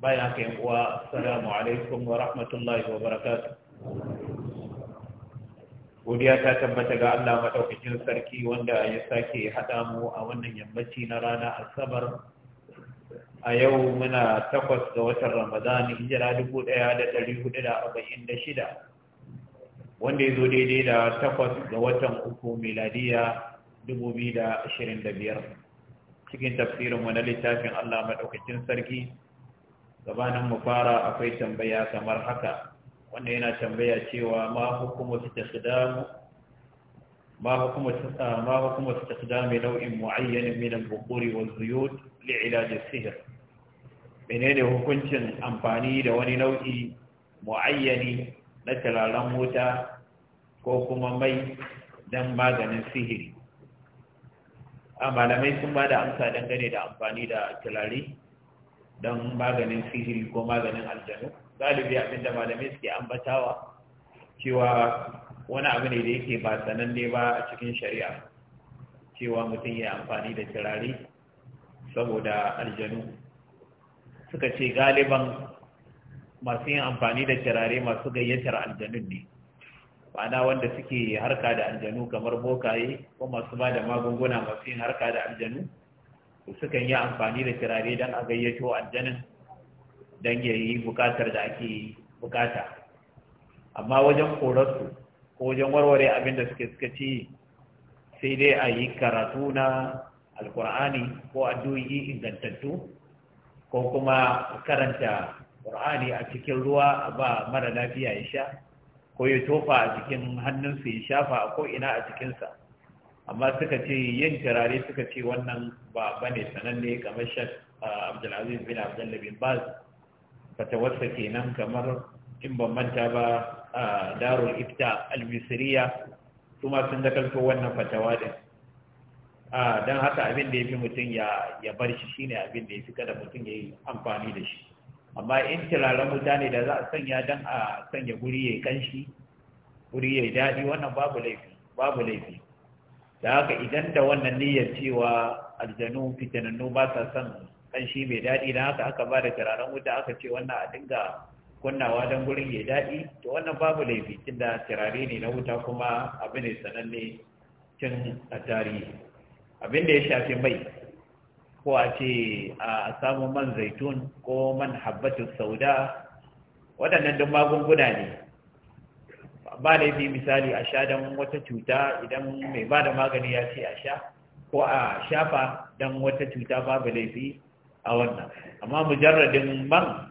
bayan haka yin uwa salamu alaikum wa rahmatullahi wa barakatu. godiya ta tabbata ga Allah maɗaukacin sarki wanda ya sake haɗa mu a wannan yammaci na rana asabar a yau muna takwas ga watan ramadan hijira dubu ɗaya da ɗari hudu da arba'in da shida wanda ya zo daidai da takwas ga watan uku miladiya dubu biyu da ashirin da biyar cikin tafsirin na littafin Allah maɗaukacin sarki gabanin mu fara akwai tambaya kamar haka wanda yana tambaya cewa ma hukumu istikhdamu ما حكم nau'in حكم استخدام نوع wa من البخور والزيوت sihir. السحر menene hukuncin amfani da wani nau'i muayyani na turaren wuta ko kuma mai don maganin sihiri a ah, malamai sun ba da amsa dangane da amfani da turare don maganin sihiri ko maganin aljanu galibi abin da malamai suke ambatawa cewa wani abu ne da yake ba sananne ba a cikin shari'a cewa mutum ya amfani da turare saboda aljanu suka ce galiban masu yin amfani da turare masu gayyatar aljanun ne ma'ana wanda suke harka da aljanu kamar bokaye ko masu ba da magunguna masu yin harka da aljanu sukan yi amfani da turare don a gayyato aljanin don ya yi bukatar da ake bukata amma wajen korarsu ko wajen warware abin da suke suka ce sai dai a yi karatu na alkur'ani ko addu'o'i ingantattu ko kuma karanta ƙur'ani a cikin ruwa a ba mara lafiya ya sha ko ya tofa a jikin hannunsu ya shafa a ko'ina a cikinsa amma suka ce yin turare suka ce wannan ba bane sananne kamar shek ah, abdulaziz bin abdullah bin fata wasa kenan kamar in ban manta ba ah, darul ifta almisiriya su ma sun ga wannan fatawa din ah, don haka abin da ya fi mutum ya bar shi shine abin da ya fi kada mutum ya yi amfani da shi amma in turaren mutane da za a sanya don a sanya guri ya yi kanshi guri ya yi daɗi wannan babu laifi babu laifi da haka idan da wannan niyyar cewa aljanu fitanannu ba sa son kanshi mai daɗi na haka aka ba da turaren wuta aka ce wannan a dinga kunnawa don gurin ya daɗi to wannan babu laifi da turare ne na wuta kuma abu ne sananne cin a tarihi abin da ya shafi mai ko a ce a samu man zaitun ko man habbatu sauda waɗannan duk magunguna ne ba laifi misali a sha don wata cuta idan mai ba da magani ya ce a sha ko a shafa don wata cuta babu laifi a wannan amma mujarradin man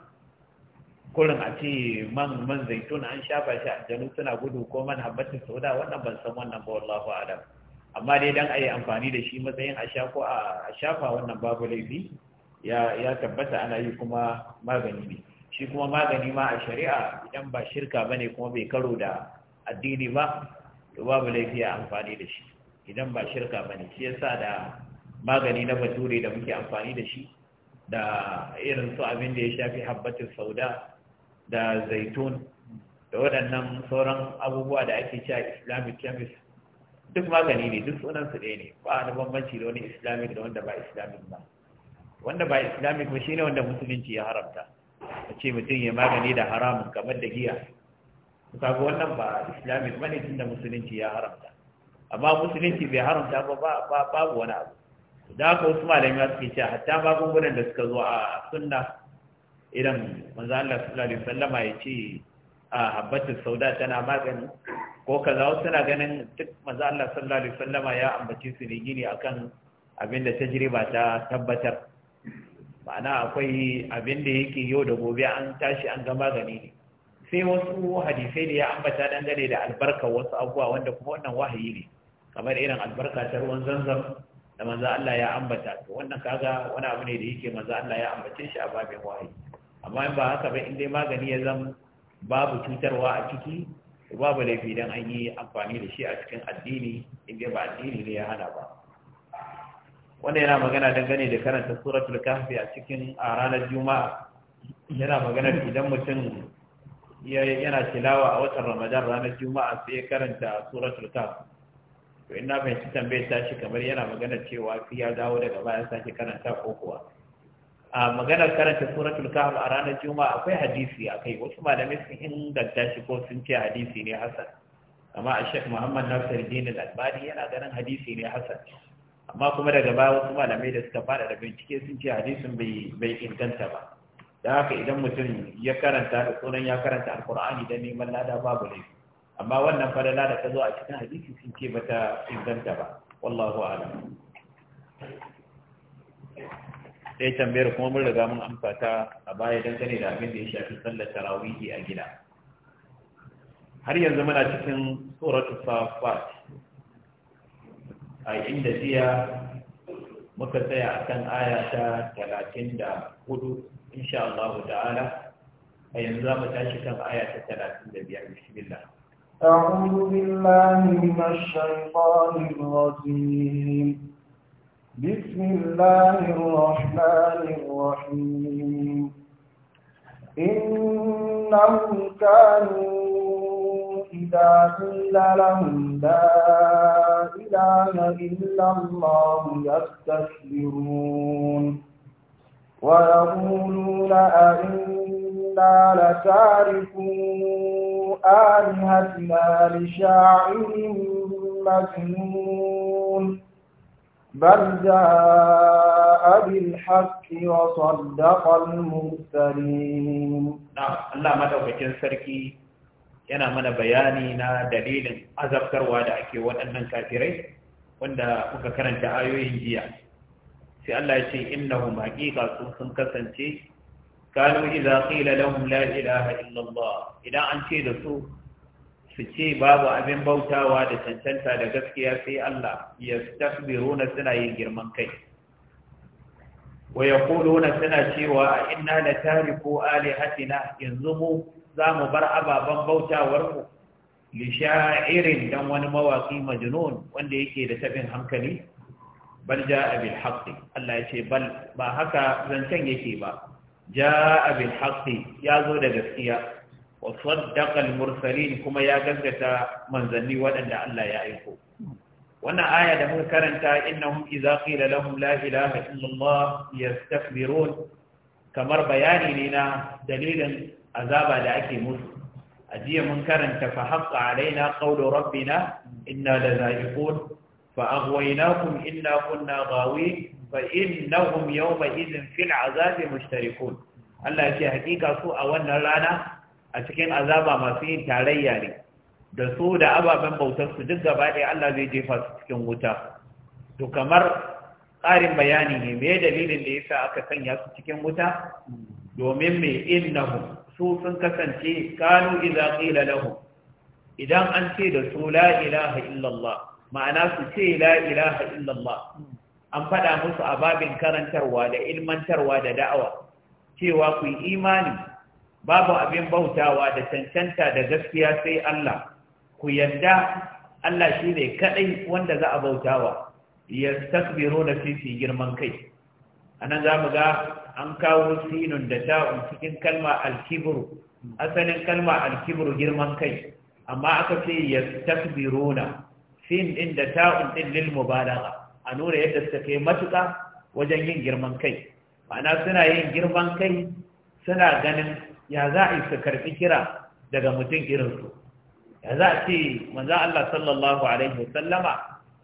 kurin a ce man man zaitun an shafa shi a janu suna gudu ko man habbata soda wannan ban san wannan ba wallahu adam amma dai dan ayi amfani da shi matsayin a sha ko a shafa wannan babu laifi ya ya tabbata ana yi kuma magani ne shi kuma magani ma a shari'a idan ba shirka bane kuma bai karo da addini ba to babu laifiya a amfani da shi idan ba shirka ba ne shi yasa da magani na bature da muke amfani da shi da irin su abin da ya shafi habbatin sauda da zaitun da waɗannan sauran abubuwa da ake cewa islamic chemist duk magani ne duk sunansu ɗaya ne ba na bambanci da wani islamic da wanda ba islamic ba wanda ba islamic ba shine wanda musulunci ya haramta a ce mutum ya magani da haramun kamar da giya kaga wannan ba islamic bane tunda musulunci ya haramta amma musulunci bai haramta ba ba babu wani abu da haka wasu malamai suke cewa hatta magungunan da suka zo a sunna Idan manzo Allah sallallahu alaihi wasallam ya ce a habbatu sauda tana magani ko kaza wasu suna ganin duk manzo Allah sallallahu alaihi wasallam ya ambaci su ne gini akan abin da tajriba ta tabbatar ma'ana akwai abin da yake yau da gobe an tashi an ga magani ne sai wasu hadisai da ya ambata dangane da albarka wasu abubuwa wanda kuma wannan wahayi ne kamar irin albarka ta ruwan zanzan da manzo Allah ya ambata to wannan kaga wani abu ne da yake manzo Allah ya ambace shi a babin wahayi amma in ba haka ba in dai magani ya zama babu cutarwa a ciki babu laifi dan an yi amfani da shi a cikin addini in dai ba addini ne ya hana ba wannan yana magana dangane da karanta suratul kahfi a cikin a ranar juma'a yana magana idan mutum yana tilawa a watan ramadan ranar juma'a sai ya karanta suratul kaf to ina bai ci tambayar ta shi kamar yana magana cewa ya dawo daga baya sake karanta ko kuwa a maganar karanta suratul kahf a ranar juma'a akwai hadisi akai wasu malamai sun inganta shi ko sun ce hadisi ne hasan amma a shek muhammad nasir dinin albani yana ganin hadisi ne hasan amma kuma daga baya wasu malamai da suka fada da bincike sun ce hadisin bai inganta ba da haka idan mutum ya karanta da sunan ya karanta alkur'ani da neman lada babu laifi amma wannan falala da ta zo a cikin hadisi sun ce bata inganta ba wallahu a'lam sai tambayar kuma mun riga mun amsa ta a baya dangane da abin da ya shafi sallar tarawihi a gida har yanzu muna cikin suratu safat a inda jiya muka tsaya akan aya ta 34 إن شاء الله تعالى yanzu za mu tashi الثلاثة aya ta 35 أعوذ بالله من الشيطان الرجيم بسم الله الرحمن الرحيم إنهم كانوا إذا قيل لهم لا إله إلا الله يستكبرون ويقولون أئنا لتاركو آلهتنا لشاعر مجنون بل جاء بالحق وصدق المرسلين نعم الله ما yana mana bayani na dalilin azabtarwa da ake waɗannan kafirai wanda kuka karanta ayoyin jiya sai Allah ya ce innahum haqiqa sun sun kasance kanu idza qila lahum la ilaha illa idan an ce da su su ce babu abin bautawa da cancanta da gaskiya sai Allah na suna yin girman kai wa yaquluna suna cewa inna la tariku alihatina yanzu mu zamu bar ababan bautawar mu li sha'irin dan wani mawaki majnun wanda yake da tabin hankali bal ja abin haqqi Allah ya ce bal ba haka zancen yake ba Ja abin haqqi ya zo da gaskiya wa saddaqa mursalin kuma ya gaskata manzanni waɗanda Allah ya aiko wannan aya da muka karanta innahum idza qila lahum la ilaha illallah yastakbirun kamar bayani ne na dalilin azaba da ake musu ajiya mun karanta fa haqqa alaina qawlu rabbina inna la za'iqun فأغويناكم إنا كنا غاوين فإنهم يومئذ في العذاب مشتركون Allah ya ce hakika su a wannan rana a cikin azaba masu yin tarayya ne da su da ababen bautar su duk gaba ɗaya Allah zai jefa su cikin wuta to kamar ƙarin bayani ne me dalilin da yasa aka sanya su cikin wuta domin me innahum su sun kasance kanu idza qila lahum idan an ce da su la ilaha illallah ma'ana su ce la ilaha illallah an faɗa musu a babin karantarwa da ilmantarwa da da'awa cewa ku yi imani babu abin bautawa da cancanta da gaskiya sai Allah ku yarda Allah shi ne kaɗai wanda za a bautawa ya tasbiro da fifi girman kai a nan za mu ga an kawo sinun da ta'un cikin kalma alkibru asalin kalma alkibru girman kai amma aka ce ya tasbiruna sin din da ta'un din lil mubalagha a nuna yadda suka kai matuƙa wajen yin girman kai ma'ana suna yin girman kai suna ganin ya za a yi su karɓi kira daga mutum su? ya za a ce manzo Allah sallallahu alaihi wasallama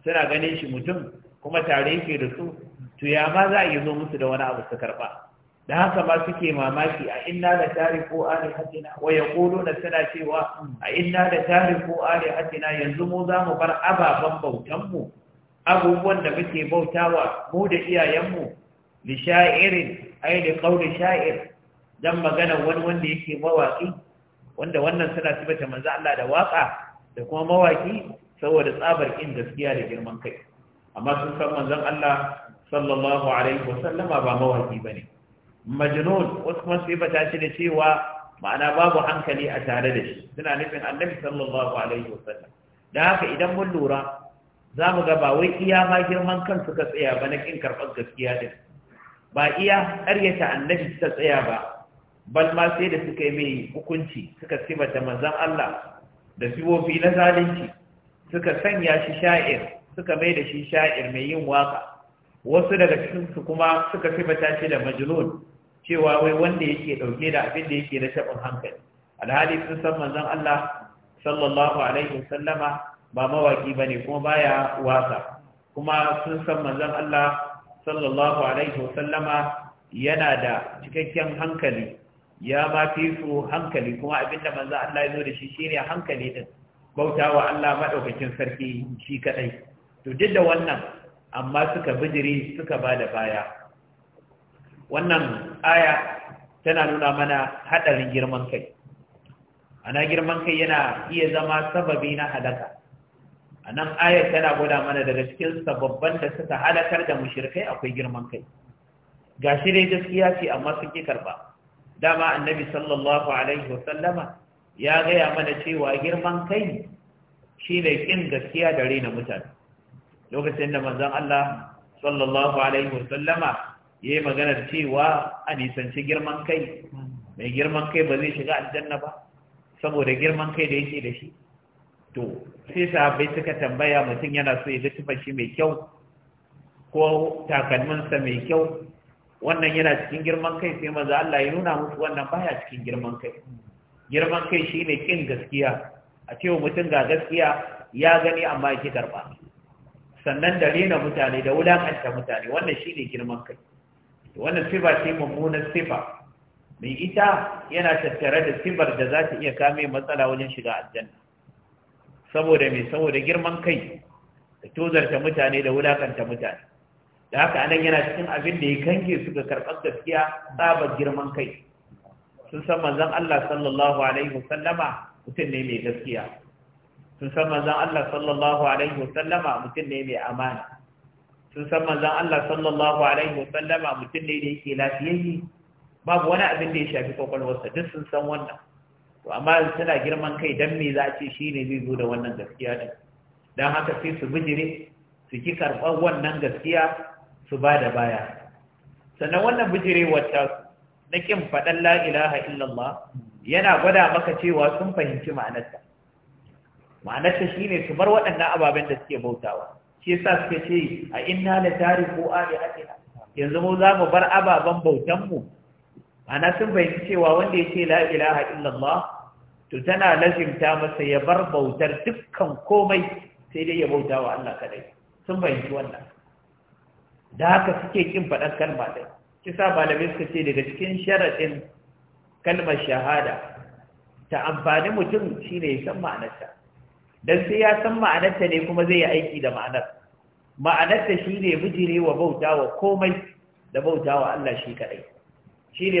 suna ganin shi mutum kuma tare yake da su to ya ma za a yi zo musu da wani abu su karɓa da haka ma suke mamaki a inna da tariku ali hatina wa yaquluna suna cewa a inna da tariku ali hatina yanzu mu za mu bar ababan bautan mu abubuwan da muke bautawa mu da iyayenmu li sha'irin ai da qawli sha'ir dan magana wani wanda yake mawaki wanda wannan suna sibata manzo Allah da waka da kuma mawaki saboda tsabar in gaskiya da girman kai amma sun san manzon Allah sallallahu alaihi wasallama ba mawaki bane majnun wasu kuma su shi da cewa ma'ana babu hankali a tare da shi suna nufin annabi sallallahu alaihi wasallam da haka idan mun lura za mu ga ba wai iya ma girman kan suka tsaya ba na kin karɓar gaskiya din ba iya ƙaryata annabi suka tsaya ba bal ma sai da suka yi mai hukunci suka da manzon Allah da sibofi na zalunci suka sanya shi sha'ir suka mai da shi sha'ir mai yin waka wasu daga cikinsu kuma suka bata shi da majnun cewa wai wanda yake dauke da abin da yake da shaɓin hankali alhali sun san manzon Allah sallallahu alaihi wasallama ba mawaki bane kuma baya wasa kuma sun san manzon Allah sallallahu alaihi wasallama yana da cikakken hankali ya ma fi su hankali kuma abinda manzon Allah ya zo da shi shine hankali din bautawa Allah madaukakin sarki shi kadai to duk da wannan amma suka bijiri suka bada baya wannan aya tana nuna mana haɗarin girman kai ana girman kai yana iya zama sababi na halaka Anan, nan tana gwada mana daga cikin sababban da suka halakar da mushirkai akwai girman kai ga shi dai gaskiya ce amma sun ƙi karɓa dama annabi sallallahu alaihi wasallama ya gaya mana cewa girman kai shi ne ƙin gaskiya da rena mutane lokacin da manzon Allah sallallahu alaihi wasallama ya yi maganar cewa a nisanci girman kai mai girman kai ba zai shiga aljanna ba saboda girman kai da yake da shi to sai sahabbai suka tambaya mutum yana so ya ga tufashi shi mai kyau ko takalminsa mai kyau wannan yana cikin girman kai sai maza Allah ya nuna musu wannan baya cikin girman kai girman kai shi ne kin gaskiya a cewa mutum ga gaskiya ya gani amma ya ki sannan da rena mutane da wulaƙanta mutane wannan shi ne girman kai wannan sifa ce mummunan sifa mai ita yana tattare da sifar da za ta iya kame matsala wajen shiga aljanna saboda mai saboda girman kai da tozarta mutane da wulakanta mutane da haka anan yana cikin abin da ya kange su ga karɓar gaskiya tsabar girman kai sun san manzon Allah sallallahu alaihi wasallama mutum ne mai gaskiya sun san manzon Allah sallallahu alaihi wasallama mutum ne mai amana sun san manzan Allah sallallahu alaihi wasallama mutum ne da yake lafiyayye babu wani abin da ya shafi kwakwalwarsa duk sun san wannan to amma suna girman kai dan me za a ce shi ne zai zo da wannan gaskiya din dan haka sai su bijire su ki karɓar wannan gaskiya su ba da baya sannan wannan bijire wata na kin faɗan la ilaha illallah yana gwada maka cewa sun fahimci ma'anarta ma'anarta shine su bar waɗannan ababen da suke bautawa shi yasa suka ce a inna la tariku alihatina yanzu mu za mu bar ababen bautan mu ana sun fahimci cewa wanda yake la ilaha illallah to tana lazimta masa ya bar bautar dukkan komai sai dai ya bauta wa Allah kadai sun fahimci wannan da haka suke kin faɗan kalma ɗin kisa malamai suka ce daga cikin sharaɗin kalmar shahada ta amfani mutum shine ya san ma'anarta dan sai ya san ma'anarta ne kuma zai yi aiki da ma'anar ma'anarta ne bijire wa bautawa komai da bautawa Allah shi kadai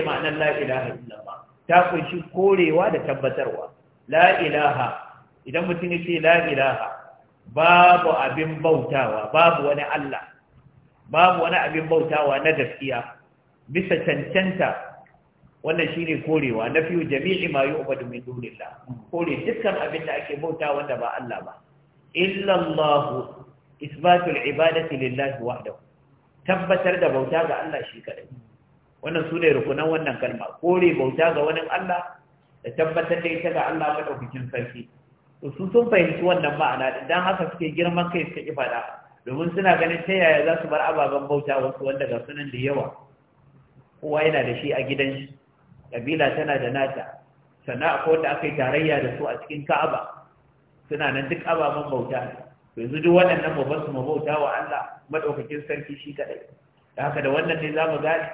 ma'anar La'ilaha ilaha ta kunshi korewa da tabbatarwa La'ilaha, idan mutum ya ce La'ilaha, babu abin bautawa babu wani Allah babu wani abin bautawa na gaskiya bisa cancanta wannan shine korewa na fiye jami'i ma yu'badu min dunillah kore dukkan abin da ake bauta wanda ba Allah ba illa Allah isbatul ibadati lillahi wahdahu tabbatar da bauta ga Allah shi kadai wannan sune rukunan wannan kalma kore bauta ga wani Allah da tabbatar da ita ga Allah madaukakin sarki to su sun fahimci wannan ma'ana dan haka suke girman kai suka ifada domin suna ganin ta yaya za su bar ababen bauta wasu wanda ga sunan da yawa kowa yana da shi a gidan shi kabila tana da nata sannan akwai wanda aka yi tarayya da su a cikin ka'aba suna nan duk ababen bauta yanzu duk waɗannan babban su mabauta wa Allah madaukakin sarki shi kaɗai. da haka da wannan ne zamu gane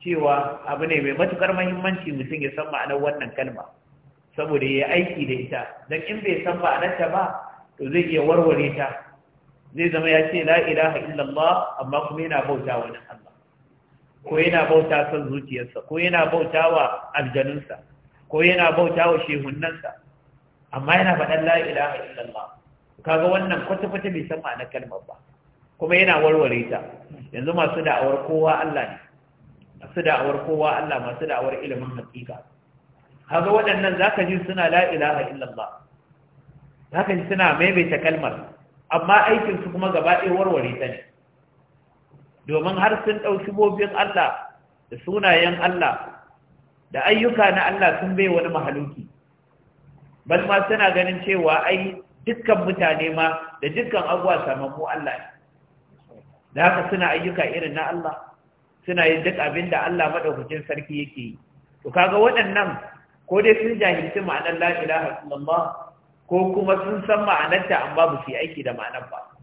cewa abu ne mai matukar muhimmanci mutum ya san ma'anar wannan kalma saboda ya aiki da ita dan in bai san ma'anarta ba to zai iya warware ta zai zama ya ce la ilaha illallah amma kuma yana bauta wa Allah ko yana bauta son zuciyarsa ko yana bauta wa aljanunsa ko yana bauta wa shehunnansa amma yana faɗan La'ilaha illallah kaga wannan kwata-kwata bai san ma'anar kalmar ba kuma yana warware ta yanzu masu da'awar kowa Allah ne masu da'awar kowa Allah masu da'awar ilimin hakika kaga waɗannan zaka ji suna La'ilaha illallah, illallah zaka ji suna maimaita kalmar amma aikinsu kuma gaba ɗaya warware ta ne domin har sun ɗauki bobin Allah da sunayen Allah da ayyuka na Allah sun bai wani mahaluki bal ma suna ganin cewa ai dukkan mutane ma da dukkan abuwa samammu Allah ne, da haka suna ayyuka irin na Allah suna yin duk abin da Allah maɗaukacin sarki yake yi to kaga waɗannan ko dai sun jahilci ma'anar la ilaha ko kuma sun san ma'anarta amma ba su yi aiki da ma'anar ba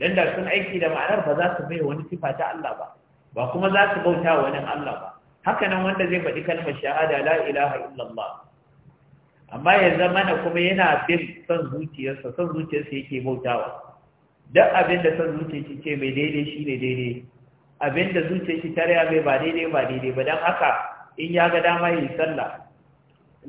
dan da sun aiki da ma'anar ba za su bai wani sifa ta Allah ba ba kuma za su bauta wa wani Allah ba haka nan wanda zai faɗi kalmar shahada la ilaha illallah amma ya zama kuma yana bin son zuciyarsa son zuciyarsa yake bautawa duk abin da son zuciyarsa ce mai daidai shi ne daidai abin da zuciyarsa ta raya mai ba daidai ba daidai ba don haka in ya ga dama yi sallah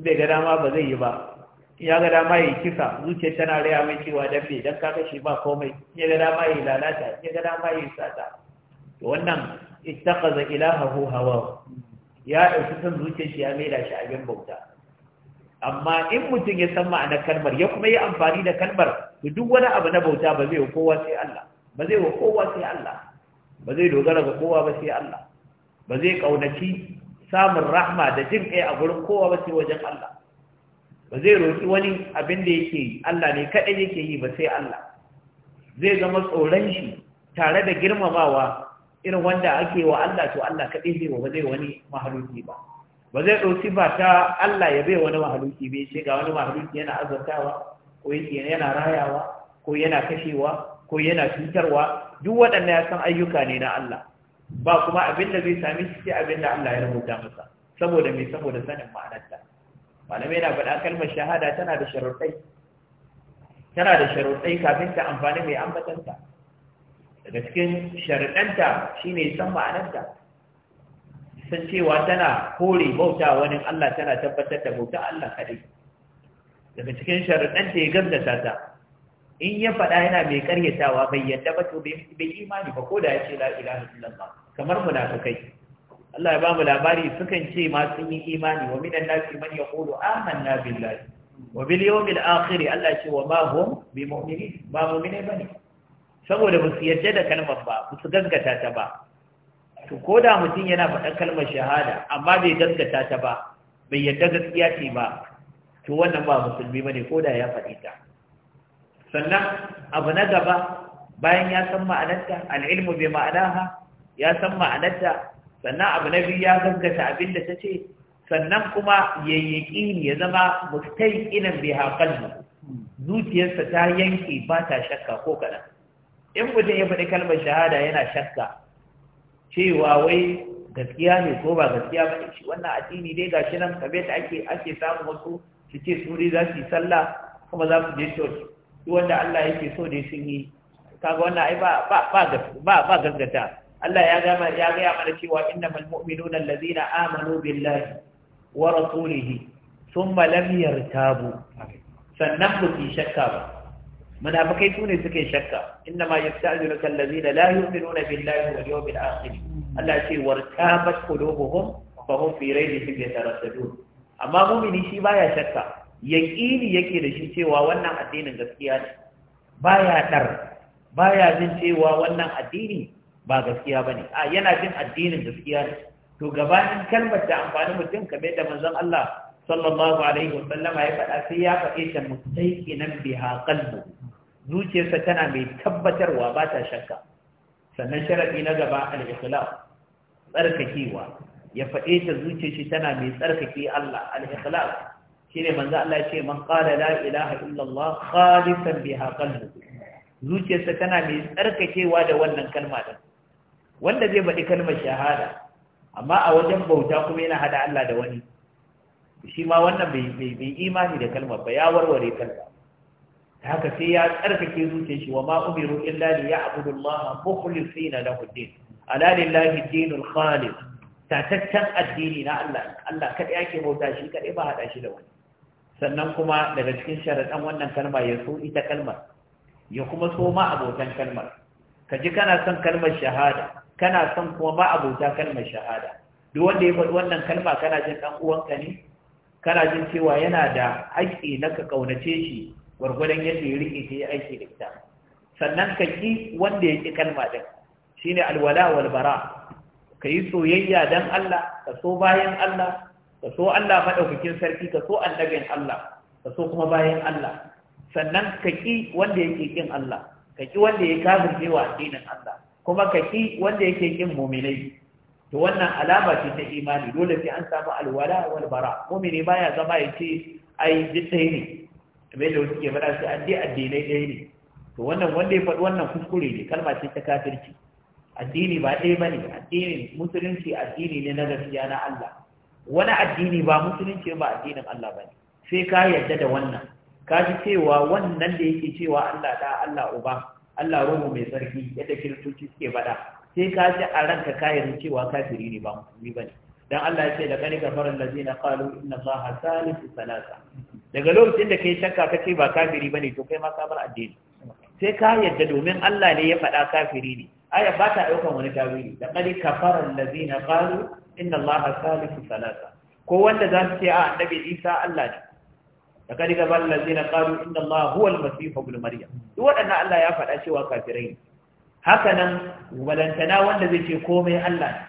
in bai ga dama ba zai yi ba ya ga dama yi kisa zuciyar tana raya mai cewa dan don dan ka kashe ba komai ya ga dama yi lalata ya ga dama yi sata to wannan ittakaza hu hawa ya ɗauki son zuciyar shi ya maida shi abin bauta amma in mutum ya san ma'anar kalmar ya kuma yi amfani da kalmar to duk wani abu na bauta ba zai wa kowa sai Allah ba zai wa kowa sai Allah ba zai dogara ga kowa ba sai Allah ba zai kaunaci samun rahma da jin kai a gurin kowa ba sai wajen Allah ba zai roƙi wani abin da yake yi Allah ne kaɗai yake yi ba sai Allah zai zama tsoron shi tare da girmamawa irin wanda ake wa Allah to Allah kaɗai zai wa zai wani mahaluki ba ba zai ɗauki ba ta Allah ya bai wani mahaluki bai ce ga wani mahaluki yana azantawa ko yana rayawa ko yana kashewa ko yana cutarwa duk waɗannan ya san ayyuka ne na Allah ba kuma abin da zai sami shi sai abin da Allah ya rubuta masa saboda mai saboda sanin ma'anarta malamai na faɗa kalmar shahada tana da sharuɗai tana da sharuɗai kafin ta amfani mai ambatanta daga cikin sharuɗanta ne san ma'ananta san cewa tana kore bauta wani Allah tana tabbatar da bauta Allah kaɗai daga cikin sharuɗanta ya gaskata ta in ya faɗa yana mai karyatawa bai yadda ba to bai imani ba ko da ya ce la'ila ilaha ba, kamar munafukai Allah ya bamu labari sukan ce ma sun yi imani wa minan nasi man yaqulu amanna billahi wa bil yawmil akhir Allah ce wa ma hum bi mu'mini? ba mu'mine bane saboda ba su yarda da kalmar ba ba su gaskata ta ba to ko da mutum yana faɗa kalmar shahada amma bai gaskata ta ba bai yarda gaskiya ce ba to wannan ba musulmi bane ko da ya faɗi ta sannan abu na gaba bayan ya san ma'anarta al'ilmu bai ma'anaha ya san ma'anarta sannan abu na biyu ya gaggata abin da ta ce sannan kuma yayyaki yaƙini ya zama mutai inan bai haƙalmu zuciyarsa ta yanke ba ta shakka ko kaɗan in mutum ya faɗi kalmar shahada yana shakka cewa wai gaskiya ne ko ba gaskiya ba ne wannan addini dai gashi nan kamar da ake ake samun wasu su ce su za su yi sallah kuma za su je coci? duk wanda Allah yake so dai sun yi kaga wannan ai ba ba ba ba gaskata Allah ya gama ya gaya mana cewa innamal mu'minuna allazina amanu billahi wa rasulihi thumma lam yartabu sannan ba su shakka ba munafikai su ne suke shakka innama yasta'jiluka allazina la yu'minuna billahi wal yawmil akhir Allah ya ce wartabat qulubuhum fa hum fi raybihim yataraddadun amma mu'mini shi baya shakka yaqini yake da shi cewa wannan addinin gaskiya ne baya dar baya jin cewa wannan addini ba gaskiya ba ne. a yana jin addinin gaskiya ne to gabanin kalmar da amfani mutum kamar da manzon Allah sallallahu alaihi wa sallama ya faɗa sai ya faɗe ta mustaiqinan biha qalbu zuciyarsa tana mai tabbatarwa ba ta shakka sannan sharadi na gaba al-ikhlas tsarkakewa ya faɗe ta zuciyar shi tana mai tsarkake Allah al-ikhlas shine manzo Allah ya ce man qala la ilaha illa Allah khalisan biha qalbu zuciyarsa tana mai tsarkakewa da wannan kalma din wanda zai faɗi kalmar shahada amma a wajen bauta kuma yana hada Allah da wani shi ma wannan bai imani da kalmar ba ya warware kalma ta haka sai ya tsarkake zuciyar shi wa ma umiru illa li ya'budu Allah mukhlisina lahu din ala lillahi ad addini na Allah Allah kada yake bauta shi kada ba hada shi da wani sannan kuma daga cikin sharadan wannan kalma ya so ita kalmar ya kuma so ma abotan kalmar ka ji kana son kalmar shahada kana son kuma ma abota kalmar shahada duk wanda ya faɗi wannan kalma kana jin ɗan uwanka ne kana jin cewa yana da haƙƙi na ka ƙaunace shi gwargwadon yadda ya riƙe ta yi aiki da ita sannan ka ƙi wanda ya ƙi kalma ɗin shine alwala wal bara ka yi soyayya don Allah ka so bayan Allah ka so Allah maɗaukakin sarki ka so annabin Allah ka so kuma bayan Allah sannan ka ƙi wanda ya ƙi ƙin Allah ka ƙi wanda ya kafirce wa addinin Allah kuma ka wanda yake kin mu'minai to wannan alama ce ta imani dole sai an samu alwala wal bara mu'mini baya zama ya ce ai duk ne Me da wasu ke faɗa sai an dai addinai ɗaya ne to wannan wanda ya faɗi wannan kuskure ne kalma ce ta kafirci addini ba ɗaya ba ne Addini, musulunci addini ne na gaskiya na Allah wani addini ba musulunci ba addinin Allah ba ne sai ka yarda da wannan ka ji cewa wannan da yake cewa Allah da Allah uba Allah ruhu mai sarki yadda kiristoci suke faɗa sai ka ji a ranka kayan cewa kafiri ne ba ba ne. dan Allah ya ce da kani gafaran lazina qalu inna allaha salisu salasa daga lokacin da kai shakka kace ba kafiri ba ne, to kai ma ka bar addini sai ka yadda domin Allah ne ya faɗa kafiri ne aya ba ta ɗaukan wani tawili da kani kafaran lazina qalu inna allaha salisu salasa ko wanda za su ce a annabi Isa Allah ne da ka ga ban lazina qalu inna allah huwa almasih ibn maryam duk wadannan allah ya faɗa cewa kafirai haka nan walantana wanda zai ce komai allah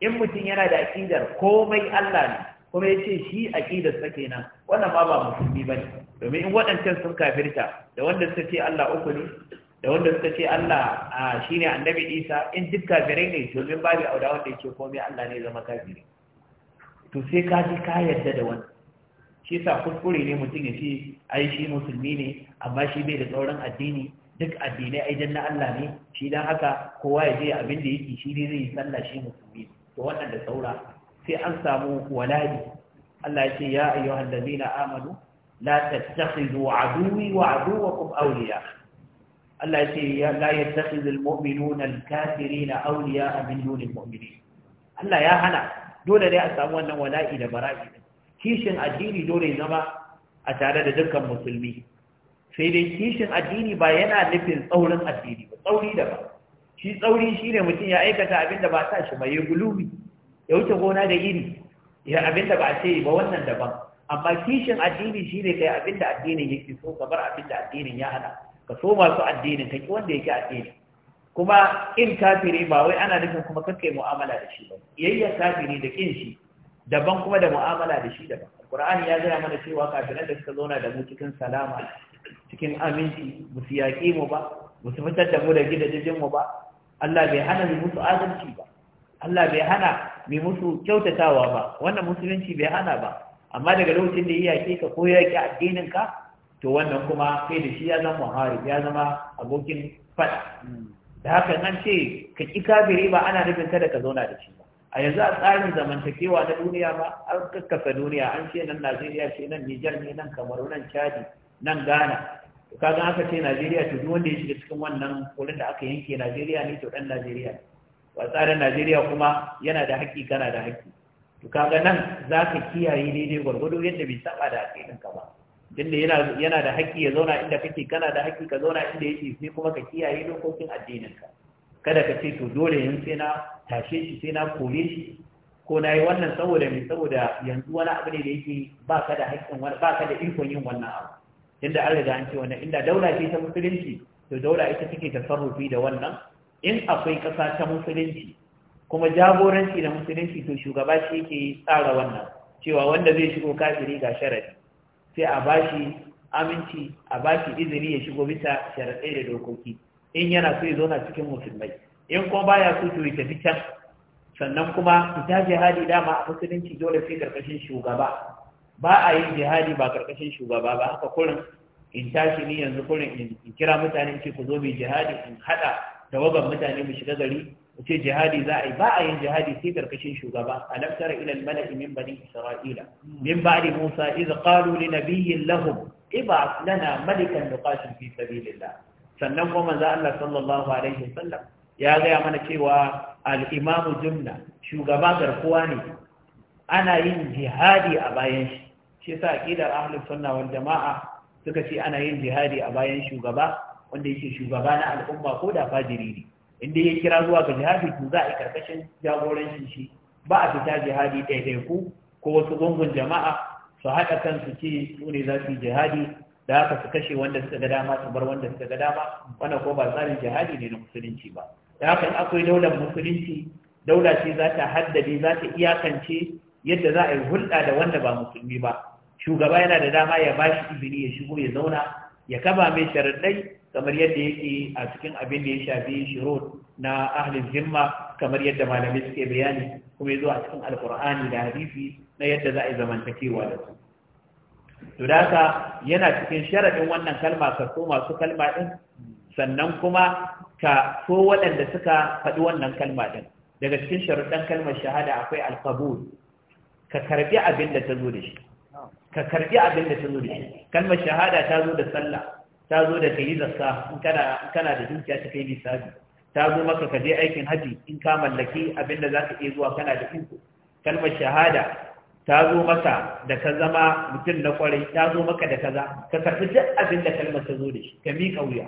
in mutun yana da aqidar komai allah ne kuma yace shi aqidar sa kenan wannan ba ba musulmi domin in wadannan sun kafirta da wanda suka ce allah uku ne da wanda suka ce Allah shine Annabi Isa in duk kafirai ne to min babu auda wanda yake komai Allah ne zama kafiri to sai ka ji ka yarda da wannan shi sa kuskure ne mutum ya ce ai shi musulmi ne amma shi bai da sauran addini duk addinai ai na Allah ne shi dan haka kowa ya je abin da yake shi dai zai yi sallah shi musulmi to wannan da saura sai an samu wala'i Allah ya ce ya ayyuhal ladina amanu la tattakhidhu aduwwi wa aduwwakum awliya Allah ya ce la yattakhidhu almu'minuna alkafirina awliya min dunil mu'minin Allah ya hana dole ne a samu wannan wala'i da bara'i kishin addini dole zama a tare da dukkan musulmi sai dai kishin addini ba yana nufin tsaurin addini ba tsauri da ba shi tsauri mutum ya aikata abin da ba sa shi ba ya gulumi ya wuce gona da iri ya abinda da ba ce ba wannan daban amma kishin addini shine kai abinda da addinin yake so ka bar addinin ya hana ka so masu addinin ka ki wanda yake addini kuma in kafiri ba wai ana nufin kuma kakkai mu'amala da shi ba yayya kafiri da kin shi daban kuma da mu'amala da shi daban alqur'ani ya gaya mana cewa kafiran da suka zauna da mu cikin salama cikin aminci musu su yaƙe mu ba musu fitar da mu da gidajen mu ba Allah bai hana mu musu adalci ba Allah bai hana mu musu kyautatawa ba wannan musulunci bai hana ba amma daga lokacin da yake ka ko yake addinin ka to wannan kuma kai da shi ya zama muharib ya zama abokin faɗa da haka nan ce ka ƙi kafiri ba ana nufin kada ka zauna da shi ba a yanzu a tsarin zamantakewa na duniya ba an kakkasa duniya an ce nan najeriya ce nan nijar ne nan kamaru nan chadi nan ghana to kaga aka ce najeriya to duk wanda ya shiga cikin wannan wurin da aka yanke najeriya ne to dan najeriya wa tsarin najeriya kuma yana da haƙƙi kana da haƙƙi to kaga nan za ka kiyaye daidai gwargwado yadda bai saba da ka ba tunda yana da haƙƙi ya zauna inda kake kana da haƙƙi ka zauna inda yake sai kuma ka kiyaye dokokin addininka kada ka ce to dole yin sai na tashe shi sai na kore shi ko na yi wannan saboda mai saboda yanzu wani abu ne da yake ba ka da haƙƙin wani ba ka da ikon yin wannan abu inda an riga an ce wannan inda daula ce ta musulunci to daula ita take tasarrufi da wannan in akwai ƙasa ta musulunci kuma jagoranci da musulunci to shugaba shi yake tsara wannan cewa wanda zai shigo kafiri ga sharadi sai a bashi aminci a bashi izini ya shigo bisa sharaɗai da dokoki in yana so ya zauna cikin musulmai in kuma baya so to ita bi can sannan kuma ita jihadi dama a musulunci dole sai karkashin shugaba ba a yin jihadi ba karkashin shugaba ba haka kurin in tashi ni yanzu kurin in kira mutane ce ku zo mai jihadi in hada tawagan mutane mu shiga gari mu ce jihadi za a yi ba a yin jihadi sai karkashin shugaba alam tara ila al-mala'i min bani isra'ila min ba'di musa iz qalu li nabiyyin lahum ib'ath lana malikan nuqatil fi sabilillah sannan kuma manzo Allah sallallahu alaihi wasallam ya gaya mana cewa al-imamu jumna shugaba garkuwa ne ana yin jihadi a bayan shi shi yasa aqidar ahlus sunna wal jamaa suka ce ana yin jihadi a bayan shugaba wanda yake shugaba na al'umma ko da fajiri ne inda ya kira zuwa ga jihadi to za a yi karkashin jagorancin shi ba a fita jihadi ku, ko wasu gungun jama'a su haɗa kansu ce su ne za su yi jihadi da aka su kashe wanda suka ga dama su bar wanda suka ga dama wannan ko ba tsarin jihadi ne na musulunci ba da haka akwai daular musulunci daula ce za ta haddade za ta iyakance yadda za a yi hulɗa da wanda ba musulmi ba shugaba yana da dama ya ba shi izini ya shigo ya zauna ya kama mai sharaɗai kamar yadda yake a cikin abin da ya shafi shiro na ahlin zimma kamar yadda malamai suke bayani kuma ya zo a cikin alkur'ani da hadisi na yadda za a yi zamantakewa da su to haka yana cikin sharadin wannan kalma ka so masu kalma din sannan kuma ka so waɗanda suka faɗi wannan kalma din daga cikin sharuɗan kalmar shahada akwai alqabul ka karbi abin da ta zo da shi ka karbi abin da ta zo da shi kalmar shahada ta zo da sallah ta zo da kai zakka in kana kana da dukiya ta kai lissafi ta zo maka ka je aikin haji in ka mallaki abin da zaka iya zuwa kana da iko kalmar shahada ta zo maka da ka zama mutum na kwarai ta zo maka da kaza ka karfi duk abin da kalmar ta zo da shi ka miƙa wuya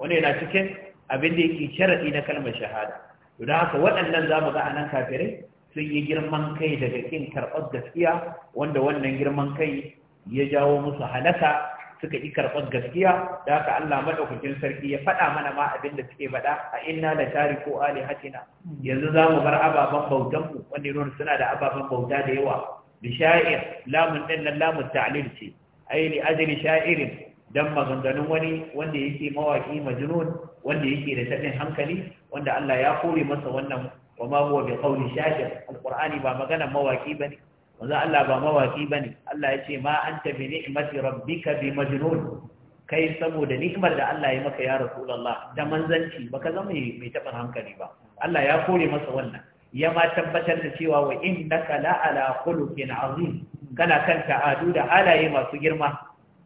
wani yana cikin abin da yake sharaɗi na kalmar shahada to haka waɗannan za mu ga anan kafirai sun yi girman kai daga ƙin karɓar gaskiya wanda wannan girman kai ya jawo musu halaka suka yi karɓar gaskiya da haka Allah madaukakin sarki ya faɗa mana ma abin da suke faɗa a inna da tari ko ali hatina yanzu za mu bar ababen bautanmu wanda nuna suna da ababen bauta da yawa li sha'ir lamun din nan lamun ta'lil ce aini li ajli sha'irin dan maganganun wani wanda yake mawaki majnun wanda yake da tabin hankali wanda Allah ya kore masa wannan wa ma huwa bi qawli ba magana mawaki bane wanda Allah ba mawaki bane Allah ya ce ma an bi ni'mati rabbika bi majnun kai saboda ni'imar da Allah ya maka ya rasu rasulullah da manzanci baka zama mai taɓin hankali ba Allah ya kori masa wannan ya ma tabbatar da cewa wa innaka la ala khuluqin azim kana kan ta'adu da halaye masu girma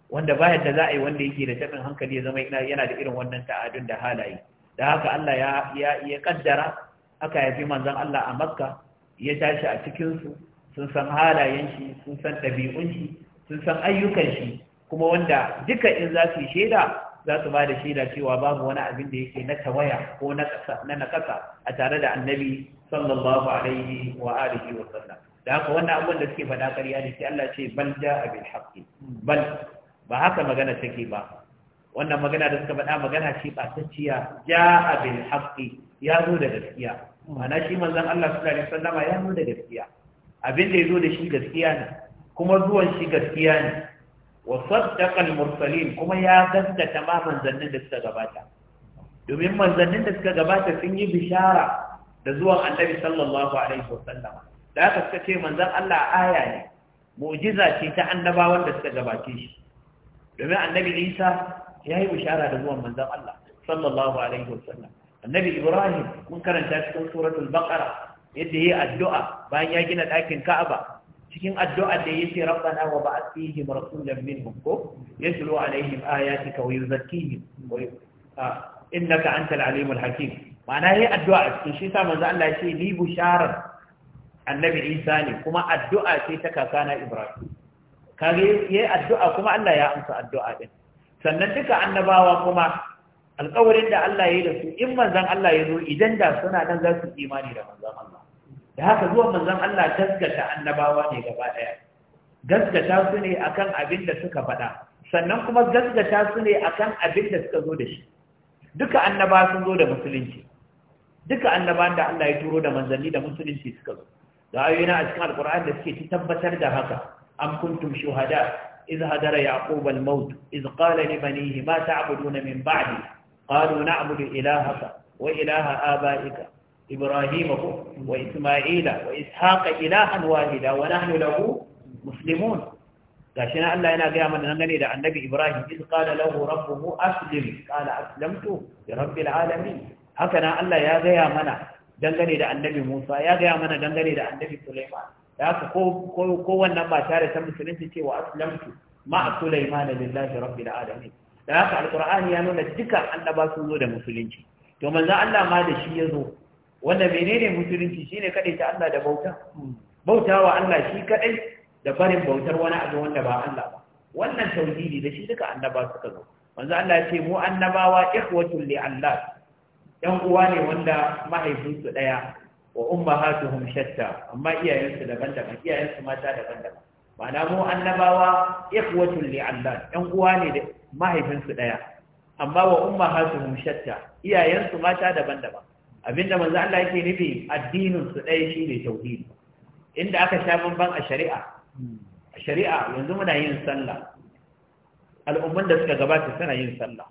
wanda ba yadda za a yi wanda yake da tabin hankali ya zama yana da irin wannan ta'adun da halaye da haka Allah ya ya ya kaddara aka yafi manzon Allah a Makka ya tashi a cikin su sun san halayen shi sun san ɗabi'un shi sun san ayyukan shi kuma wanda duka in za su yi shaida za su ba da shaida cewa babu wani abin da yake na tawaya ko na nakasa a tare da annabi sallallahu alaihi wa alihi wa sallam da haka wannan abin da suke faɗa ƙarya ne sai Allah ce bal ja'a bil haqqi bal ba haka magana take ba wannan magana da suka faɗa magana ce ɓatacciya ja'a bil haqqi ya zo da gaskiya ma'ana shi manzon Allah sallallahu alaihi wasallama ya zo da gaskiya abin da ya zo da shi gaskiya ne kuma zuwan shi gaskiya ne wa saddaqa al mursalin kuma ya gaskata ma manzannin da suka gabata domin manzannin da suka gabata sun yi bishara da zuwan annabi sallallahu alaihi wasallam da aka suka ce manzon Allah aya ne mu'jiza ce ta annabawan da suka gabace shi domin annabi Isa ya yi bishara da zuwan manzon Allah sallallahu alaihi wasallam annabi Ibrahim mun karanta cikin suratul baqara yadda yayi addu'a bayan ya gina ɗakin Ka'aba cikin addu'a da yake rabbana wa ba'ath fihim rasulan minhum ko yatlu alaihim ayatika wa yuzakkihim wa ah, innaka antal alimul hakim ma'ana yayi addu'a a cikin shi sa manzo Allah ya ce ni busharar annabi Isa ne kuma addu'a ce ta kakana Ibrahim Kare yayi addu'a kuma Allah ya amsa addu'a din sannan duka annabawa kuma alƙawarin da Allah ya yi da su in manzon Allah ya zo idan da suna nan za su imani da manzan Allah da haka zuwa manzon Allah gaskata annabawa ne gaba ɗaya gaskata su ne akan abin da suka faɗa sannan kuma gaskata su ne akan abin da suka zo da shi duka annaba sun zo da musulunci duka annabawan da Allah ya turo da manzanni da musulunci suka zo da ayoyina a cikin alkur'ani da suke tabbatar da haka am kuntum shuhada iz hadara yaqub al maut iz qala li banihi ma ta'buduna min ba'di qalu na'budu ilahaka wa ilaha abaika ibrahima wa isma'ila wa ishaqa ilahan wahida wa nahnu lahu muslimun gashi na Allah yana gaya mana nan gane da annabi ibrahim iz qala lahu rabbuhu aslim qala aslamtu li rabbil alamin haka nan Allah ya gaya mana dangane da annabi Musa ya gaya mana dangane da annabi Sulaiman da haka ko ko wannan ba tare ta musulunci cewa wa aslamtu ma Sulaiman lillahi rabbil alamin da haka alqur'ani ya nuna dukkan annaba sun zo da musulunci to manzo Allah ma da shi ya zo wanda menene musulunci shine kadai ta Allah da bauta bautawa Allah shi kadai da barin bautar wani abu wanda ba Allah ba wannan tauhidi da shi duka annaba suka zo manzo Allah ya ce mu annabawa ikhwatul li Allah yan uwa ne wanda mahaifinsu ɗaya wa umma hum shatta amma iyayensu daban-daban iyayensu mata daban-daban ma'ana mu annabawa ikhwatul allah, yan uwa ne da mahaifinsu ɗaya amma wa umma hum shatta iyayensu mata daban-daban abinda manzo Allah yake nufi addinin su ɗaya shine tauhidi inda aka sha bamban a shari'a a shari'a yanzu muna yin sallah al'umman da suka gabata suna yin sallah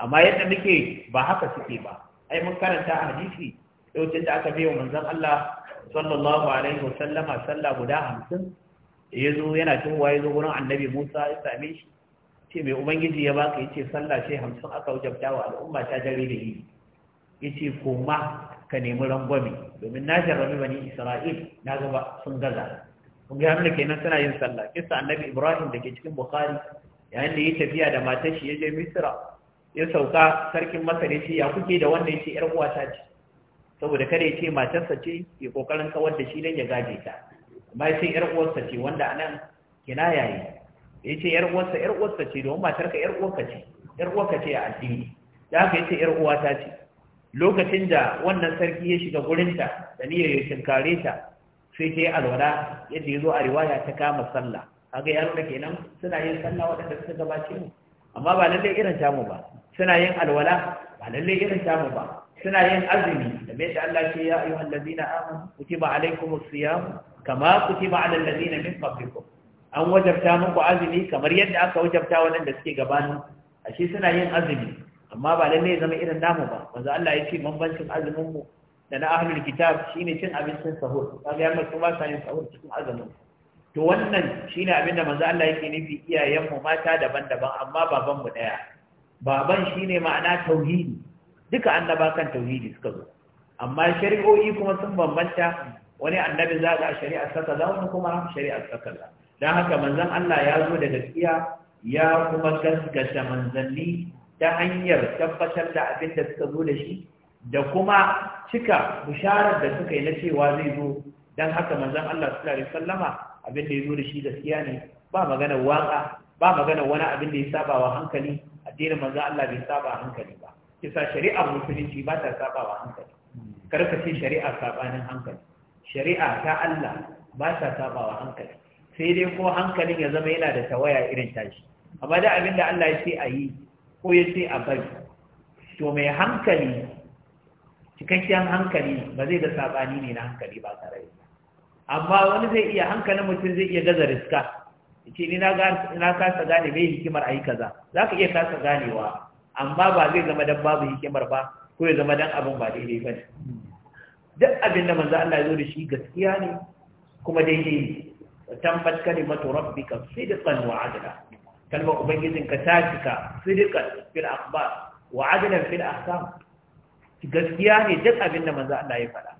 amma yadda muke ba haka suke ba ai mun karanta a hadisi lokacin da aka biyo manzon Allah sallallahu alaihi wasallama sallah guda hamsin yazo yana tuhuwa yazo zo gurin annabi Musa ya same shi ce mai ubangiji ya baka yace sallah ce hamsin aka wajabta wa al'umma ta dare da yi yace kuma ka nemi rangwame domin na jarrabi bani Isra'il na gaba sun gaza kun ga mun kenan suna yin sallah kisa annabi Ibrahim da ke cikin Bukhari yayin da ya tafiya da matar shi ya je Misra ya sauka sarkin masa ya ce ya kuke da wannan ya ce ‘yar uwata ce saboda kada ya ce matarsa ce ya kokarin kawar da shi don ya gaje ta amma ya ce ‘yar uwarsa ce wanda a nan kina yayi ya ce ‘yar uwarsa ‘yar uwarsa ce domin matarka ‘yar uwarka ce ‘yar uwarka ce a addini da haka ya ce ‘yar uwata ce lokacin da wannan sarki ya shiga gurinta da niyyar ya tinkare ta sai ta yi alwala yadda ya zo a riwaya ta kama sallah kaga yaro da kenan suna yin sallah waɗanda suka gabace mu amma ba lallai irin tamu ba suna yin alwala ba lalle irin tamu ba suna yin azumi da bai da Allah ce ya ayyuhal ladina amanu kutiba alaikumus siyam kama kutiba alal ladina min qablikum an wajabta muku azumi kamar yadda aka wajabta da suke gabanin ashe suna yin azumi amma ba lalle zama irin namu ba manzo Allah ya ce bambancin azumin mu da na ahlul kitab shine cin abincin sahur kaga yamma kuma sa yin sahur cikin azumin to wannan shine abin da manzo Allah yake nufi iyayen mu mata daban-daban amma baban mu daya baban shi ne ma'ana tauhidi duka annaba kan tauhidi suka zo amma shari'o'i kuma sun bambanta wani annabi za ga shari'ar sakala wani kuma shari'ar sakala don haka manzon Allah ya zo da gaskiya ya kuma gaskata manzanni ta hanyar tabbatar da abin da suka zo da shi da kuma cika bisharar da suka yi na cewa zai zo don haka manzon Allah sallallahu alaihi wasallama abin da ya zo da shi gaskiya ne ba magana waka ba magana wani abin da ya saba wa hankali addinin manzo Allah bai saba hankali ba kisa shari'a musulunci ba ta saba wa hankali kar ka ce shari'a sabanin hankali shari'a ta Allah ba ta saba wa hankali sai dai ko hankalin ya zama yana da tawaya irin tashi amma da abin da Allah ya ce a yi ko ya ce a bari to mai hankali cikakken hankali ba zai ga sabani ne na hankali ba tare da amma wani zai iya hankalin mutum zai iya gaza riska ce ni na kasa gane mai hikimar a yi kaza za ka iya kasa ganewa amma ba zai zama don babu hikimar ba ko ya zama don abin ba daidai ba ne duk abin da manzo Allah ya zo da shi gaskiya ne kuma daidai ne tambat rabbi rabbika sidqan wa adla kalmar ka ta cika sidqan fil akhbar wa adlan fil ahkam gaskiya ne duk abin da manzo Allah ya faɗa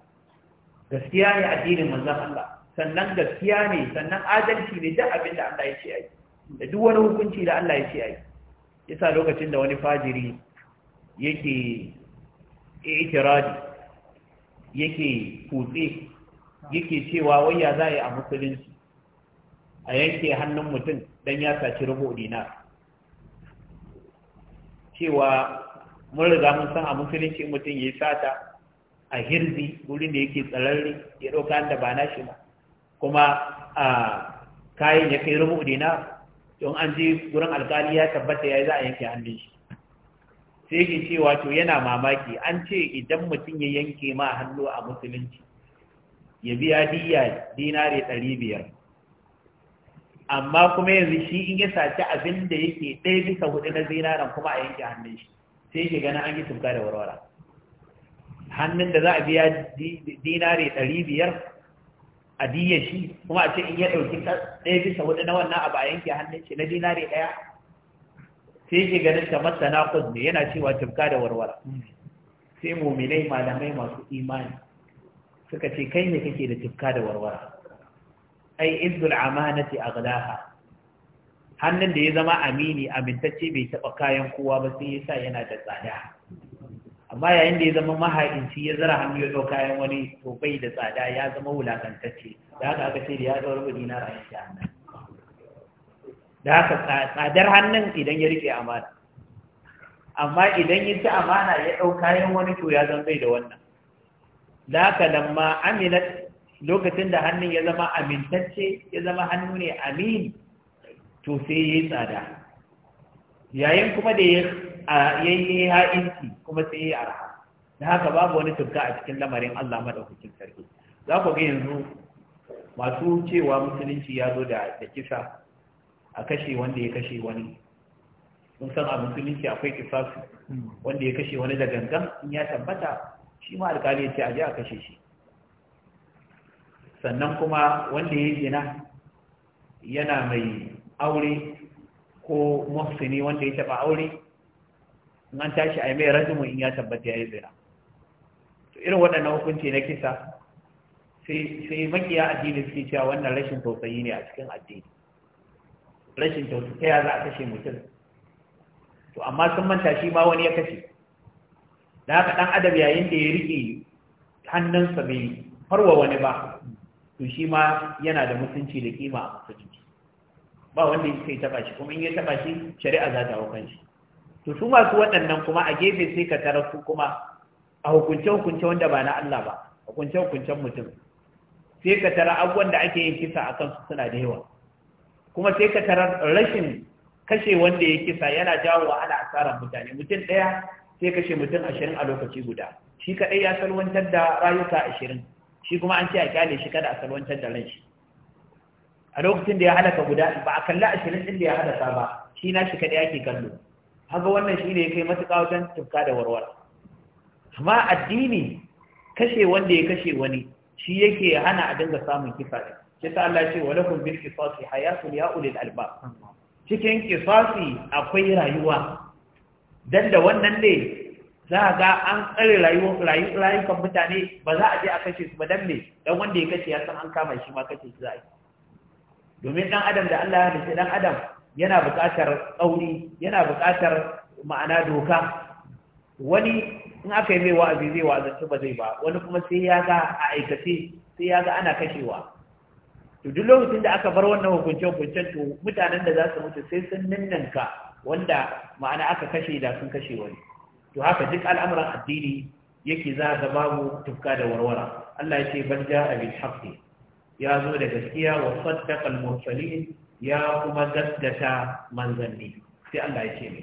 gaskiya ne addinin manzo Allah sannan gaskiya ne sannan adalci ne duk abin da Allah ya ce ai da duk wani hukunci da Allah ya ce ai yasa lokacin da wani fajiri yake ikirari yake kutse yake cewa wai ya za a yi a musulunci a yanke hannun mutum don ya saci rubuɗi na? cewa mun riga mun san a musulunci mutum ya sata a hirzi wurin da yake tsararri ya ɗauka da ba na shi ba kuma a kayan ya kai rubu dinar don an ji gurin alkali ya tabbata ya yi za a yanke hannun shi sai yake ce wato yana mamaki an ce idan mutum ya yanke ma hannu a musulunci ya biya diya dinare ɗari biyar amma kuma yanzu shi in ya saci abin da yake ɗaya bisa hudu na zinaren kuma a yanke hannun shi sai ya gani an yi tuka da warwara hannun da za a biya dinare ɗari biyar adiyar shi kuma a ce in ya ɗauki ɗaya bisa hudu na wannan abu a yanke hannun shi na dinari ɗaya sai ke ganin ta masa naƙus ne yana cewa tufka da warwara sai muminai malamai masu imani suka ce kai ne kake da tufka da warwara ai izdul amanati aghlaha hannun da ya zama amini amintacce bai taɓa kayan kowa ba sai yasa yana da tsada amma yayin da ya zama mahaifinci ya zara hannu ya ɗau kayan wani to bai da tsada ya zama wulakantacce da haka aka ce da ya ɗau rubu dinar a yanke hannun da haka tsadar hannun idan ya rike amana amma idan ya ci amana ya ɗau kayan wani to ya zama bai da wannan da haka lamma Amina lokacin da hannun ya zama amintacce ya zama hannu ne amin to sai ya yi tsada yayin kuma da ya a yayi ha'inci kuma sai yayi arha da haka babu wani tunka a cikin lamarin Allah madaukakin sarki za ku ga yanzu masu cewa musulunci ya zo da kisa a kashe wanda ya kashe wani mun san a musulunci akwai kisasu wanda ya kashe wani da gangan in ya tabbata shi ma alkali ya ce a je a kashe shi sannan kuma wanda ya gina yana mai aure ko mafsini wanda ya taɓa aure in an tashi a yi mai rajimu in ya tabbata ya yi zina to irin waɗannan hukunci na kisa sai makiya addini suke cewa wannan rashin tausayi ne a cikin addini rashin tausayi ta ya za a kashe mutum to amma sun manta shi ma wani ya kashe da haka ɗan adam yayin da ya riƙe hannunsa bai farwa wani ba to shi ma yana da mutunci da kima a musulunci ba wanda ya taɓa shi kuma in ya taɓa shi shari'a za ta hau kan shi to su masu waɗannan kuma a gefe sai ka tarar su kuma a hukunce-hukunce wanda ba na Allah ba hukunce-hukuncen mutum sai ka tarar abubuwan da ake yin kisa a kansu suna da yawa kuma sai ka tarar rashin kashe wanda ya kisa yana jawo wa ana asarar mutane mutum ɗaya sai kashe mutum ashirin a lokaci guda shi kaɗai ya salwantar da rayuka ashirin shi kuma an ce a kyale shi kada a salwantar da ran shi a lokacin da ya halaka guda ba a kalla ashirin ɗin da ya halaka ba shi na shi kaɗai ake kallo haka wannan shi ne ya kai matuƙa wajen tufka da warwara amma addini kashe wanda ya kashe wani shi yake hana a dinga samun kisa ne kisa Allah ce wa lakum bil qisasi hayatun ya ulil albab cikin qisasi akwai rayuwa dan da wannan ne za ga an tsare rayuwar rayukan mutane ba za a je a kashe su ba dan ne dan wanda ya kashe ya san an kama shi ma kashe shi za a yi domin dan adam da Allah ya halitta dan adam yana buƙatar tsauri yana buƙatar ma'ana doka wani in aka yi mai wa'azi zai wa'azanci ba zai ba wani kuma sai ya ga a aikace sai ya ga ana kashewa to duk lokacin da aka bar wannan hukuncen hukuncen to mutanen da za su mutu sai sun ninninka wanda ma'ana aka kashe da sun kashe wani to haka duk al'amuran addini yake za ga babu tufka da warwara Allah ya ce ban ja'a bil haqqi ya zo da gaskiya wa saddaqa al mursalin ya kuma gaskata manzanni sai Allah ya ce ne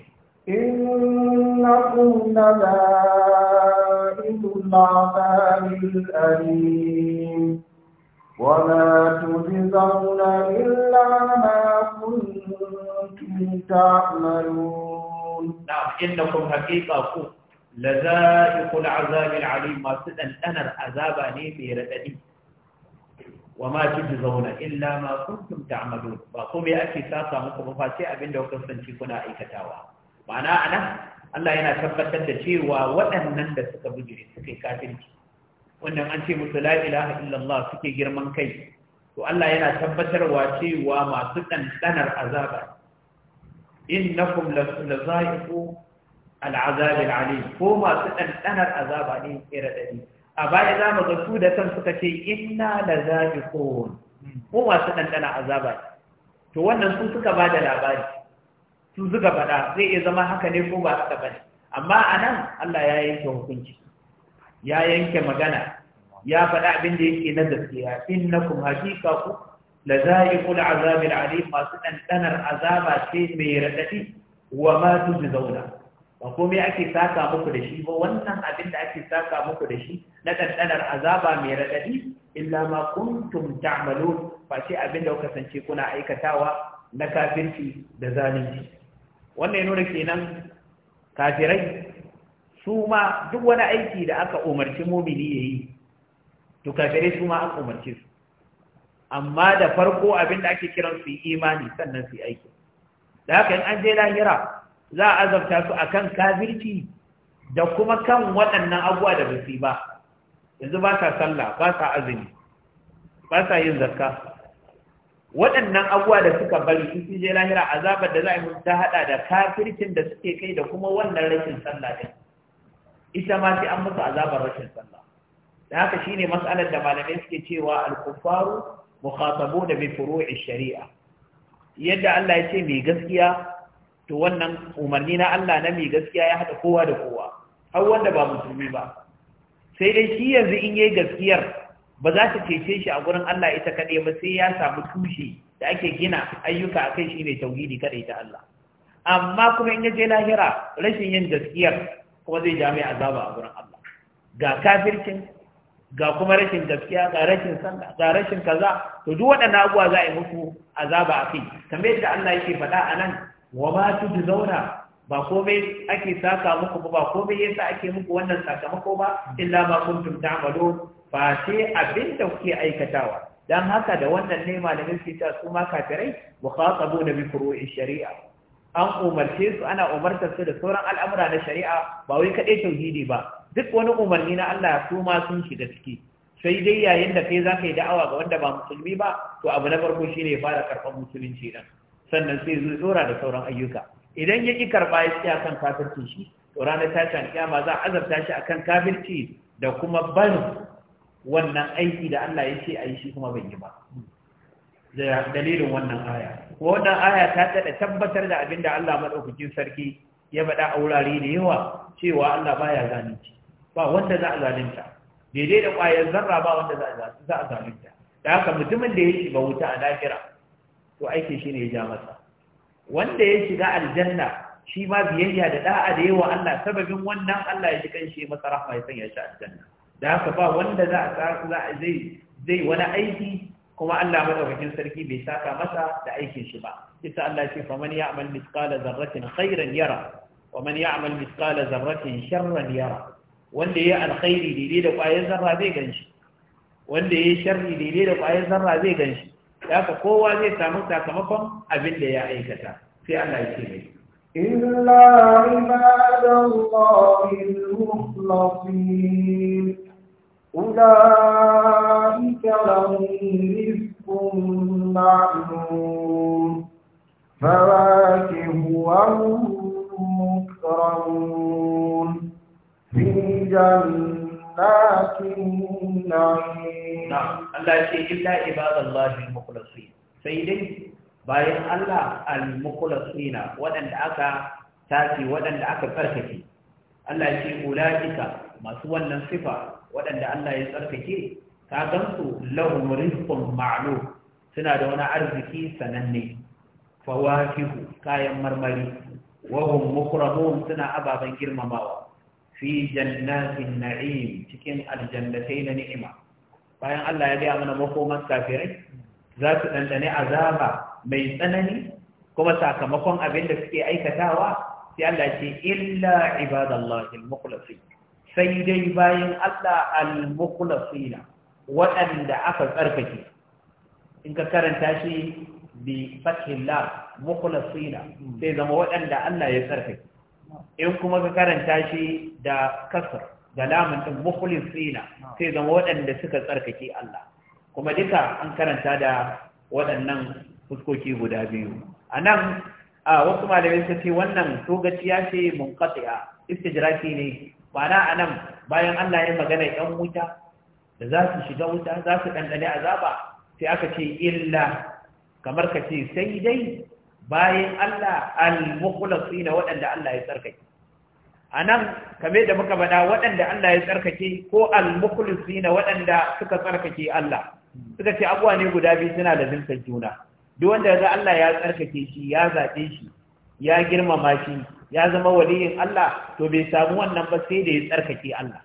inna kunna la inna ta'ani wala tudzauna illa ma kuntum ta'malun na'am innakum haqiqa ku لذائق العذاب العليم ما سدن انا العذاب ني في رددي wa ma zauna illa ma kuntum ta'malun ba komai ake sasa muku ba sai abinda kuka sanci kuna aikatawa ma'ana anan Allah yana tabbatar da cewa waɗannan da suka bujire suke kafirci wannan an ce musu la ilaha illallah suke girman kai to Allah yana tabbatarwa cewa masu ɗanɗanar azaba innakum lazaiqu al'azab al'alim ko masu ɗanɗanar azaba ne ira dadi a baya za mu ga su da san suka ce inna la za'iqun mu masu ɗanɗana azaba to wannan su suka ba da labari su suka faɗa zai iya zama haka ne ko ba haka bane amma a Allah ya yanke hukunci ya yanke magana ya faɗa abin da yake na gaskiya innakum hakika ku la za'iqul azabil alim masu ɗanɗanar azaba ce mai raɗaɗi wa ma tujzauna ba komai ake saka muku da shi ba wannan abin da ake saka muku da shi na ɗanɗanar azaba mai raɗaɗi illa ma kuntum ta'malun face abin da kuka sance kuna aikatawa na kafirci da zalunci wannan ya nuna kenan kafirai su ma duk wani aiki da aka umarci mumini yayi to kafirai su ma an umarci su amma da farko abin da ake kiran su imani sannan su aiki da haka in an je lahira za a azabta su akan kafirci da kuma kan waɗannan abuwa da basu ba yanzu ba sa sallah ba sa azumi ba sa yin zakka waɗannan abuwa da suka bari su sun je lahira azabar da za a yi ta haɗa da kafircin da suke kai da kuma wannan rashin sallah ɗin ita ma sai an musu azabar rashin sallah da haka shine mas'alar da malamai suke cewa al-kuffaru mukhatabuna bi furu'i shari'a yadda Allah ya ce mai gaskiya to wannan umarni na Allah na mai gaskiya ya haɗa kowa da kowa har wanda ba musulmi ba sai dai shi yanzu in yayi gaskiyar ba za ta cece shi a gurin Allah ita kaɗai ba sai ya samu tushe da ake gina ayyuka akan shi ne tauhidi kaɗai ta Allah amma kuma in yaje lahira rashin yin gaskiyar kuma zai ja mai azaba a gurin Allah ga kafircin ga kuma rashin gaskiya ga rashin sallah ga rashin kaza to duk waɗannan abubuwa za a yi musu azaba a kai kamar yadda Allah yake faɗa a nan wa ma zauna ba komai ake saka muku ba komai yasa ake muku wannan sakamako ba illa ma kuntum ta'malun fa sai abinda kuke aikatawa dan haka da wannan ne malamin su ta su ma kafirai mukhatabuna bi furu'i shari'a an umarce su ana umartar su da sauran al'amura na shari'a ba wai kaɗai tauhidi ba duk wani umarni na Allah su ma sun shiga ciki sai dai yayin da kai za yi da'awa ga wanda ba musulmi ba to abu na farko shine fara karɓar musulunci dan sannan sai zai dora da sauran ayyuka idan ya ƙi karɓa ya tsaya kan kafirci shi to ranar tashin kiyama za a azabta shi akan kafirci da kuma ban wannan aiki da Allah ya ce a yi shi kuma ban yi ba dalilin wannan aya wannan aya ta tada tabbatar da abin da Allah madaukakin sarki ya faɗa a wurare da yawa cewa Allah baya zalunci ba wanda za a zalunta daidai da ƙwayar zarra ba wanda za a zalunta da haka mutumin da ya shiga wuta a lahira to aiki shi ne ya ja masa wanda ya shiga aljanna shi ma biyayya da da'a da yawa Allah sababin wannan Allah ya ji kanshi masa rahma ya sanya shi aljanna da haka ba wanda za a za zai zai wani aiki kuma Allah madaukakin sarki bai saka masa da aikin shi ba kisa Allah ya ce faman ya'mal mithqala dharratin khairan yara wa man ya'mal mithqala dharratin sharran yara wanda ya alkhairi daidai da ƙwayar zarra zai ganshi wanda ya sharri daidai da ƙwayar zarra zai ganshi da aka kowa zai samu sakamakon abin da ya aikata sai Allah ya ce mai illa ibadallahi al-mukhlasin ulaika lahum rizqun ma'lum fawakihu wa hum ce نعم الله يقول bayan Allah al-mukhlasina waɗanda aka tafi waɗanda aka tsarkake Allah ce ulaika masu wannan sifa waɗanda Allah ya tsarkake ka gansu lahum rizqun ma'lum suna da wani arziki sananne fawakihu kayan marmari wa hum mukramun suna ababen girmamawa fi jannatin na'im cikin aljannatai na ni'ima bayan Allah ya gaya mana makoman kafirai za su dandane azaba mai tsanani kuma sakamakon abin da suke aikatawa sai Allah ce illa ibadallahi al sai dai bayan Allah al waɗanda aka tsarkake in ka karanta shi bi fathillah mukhlasin sai zama waɗanda Allah ya tsarkake in kuma ka karanta shi da kasar da lamun ɗin sina sai zama waɗanda suka tsarkake Allah kuma duka an karanta da waɗannan fuskoki guda biyu a nan a wasu malamai suka ce wannan ya ce munqati'a istijraki ne Bana a nan bayan Allah ya magana yan wuta da za su shiga wuta za su ɗanɗane azaba sai aka ce illa kamar ka ce sai dai bayan Allah al waɗanda Allah ya tsarkake anan kamar da muka bada waɗanda Allah ya tsarkake ko al na waɗanda suka tsarkake Allah suka ce abuwa ne guda biyu suna da zintar juna duk wanda za Allah ya tsarkake shi ya zaɓe shi ya girmama shi ya zama waliyin Allah to bai samu wannan ba sai da ya tsarkake Allah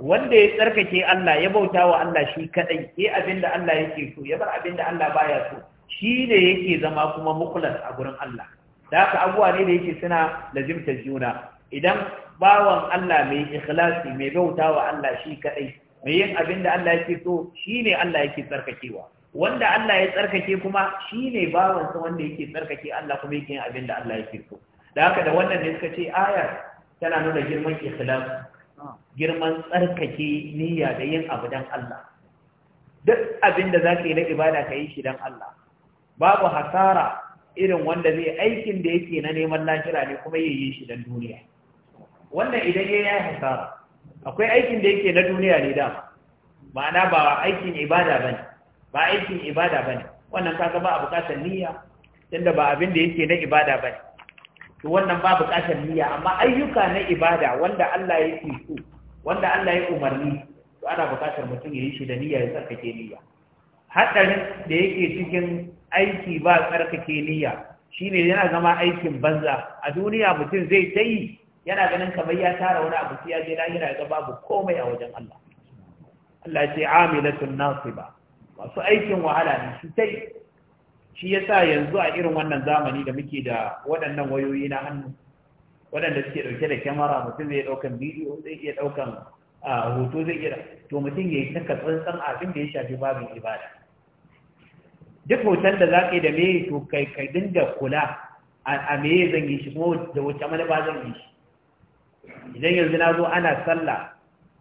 wanda ya tsarkake Allah ya bauta wa Allah shi kaɗai. E, abinda Allah yake so ya bar abinda Allah baya so shi ne yake zama kuma mukulas a gurin Allah da haka abuwa ne da yake suna lazimta juna idan bawan Allah mai ikhlasi mai bauta wa Allah shi kadai mai yin abin da Allah yake so shi ne Allah yake tsarkakewa wanda Allah ya tsarkake kuma shi ne bawansa wanda yake tsarkake Allah kuma yake yin abin da Allah yake so da haka da wannan ne suka ce ayar tana nuna girman ikhlas girman tsarkake niyya da yin abu dan Allah duk abin da zaka yi na ibada ka yi shi dan Allah babu hasara irin wanda zai aikin da yake na neman lahira ne kuma yayi shi dan duniya wannan idan yayi hasara akwai aikin da yake na duniya ne da ma'ana ba aikin ibada bane ba aikin ibada bane wannan kaga ba a bukatar niyya tunda ba abin da yake na ibada bane to wannan ba buƙatar niyya amma ayyuka na ibada wanda Allah yake so wanda Allah ya umarni to ana bukatar mutum ya yi shi da niyya ya tsarkake niyya hadarin da yake cikin aiki ba tsarkake niyya shine yana zama aikin banza a duniya mutum zai ta yi yana ganin kamar ya tara wani abu ya je lahira ga babu komai a wajen Allah Allah ce amilatun nasiba masu aikin wahala ne su tai shi yasa yanzu a irin wannan zamani da muke da waɗannan wayoyi na hannu waɗanda suke ɗauke da kyamara mutum zai ɗaukan bidiyo zai iya ɗaukan ah, hoto zai iya to mutum ya yi abin da ya shafi babin ibada duk hoton da zaka yi da me to kai kai dinga kula a me zan yi shi ko da wace manufa zan yi shi idan yanzu na zo ana sallah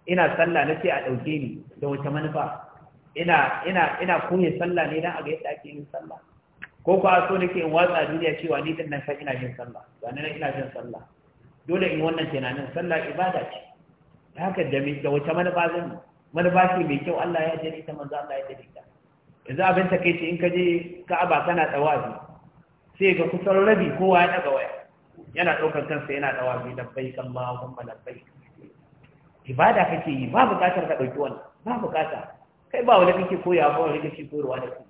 ina sallah na ce a ɗauke ni da wace manufa ina ina ina koyin sallah ne dan a ga yadda ake yin sallah ko ko a so nake in watsa duniya cewa ni din nan fa ina yin sallah ba nan ina yin sallah dole in wannan nan sallah ibada ce haka da da wace manufa zan manufa ce mai kyau Allah ya jani ta manzo Allah ya jani ta yanzu abin ta kai in ka je ka'aba kana tsawabi. sai ga kusan rabi kowa ya daga waya yana ɗaukar kansa yana da bai kan ma labbaik da bai. ibada kake yi ba buƙatar ka ɗauki wannan ba buƙata kai ba wani kake koya ba wani kake koyarwa da ku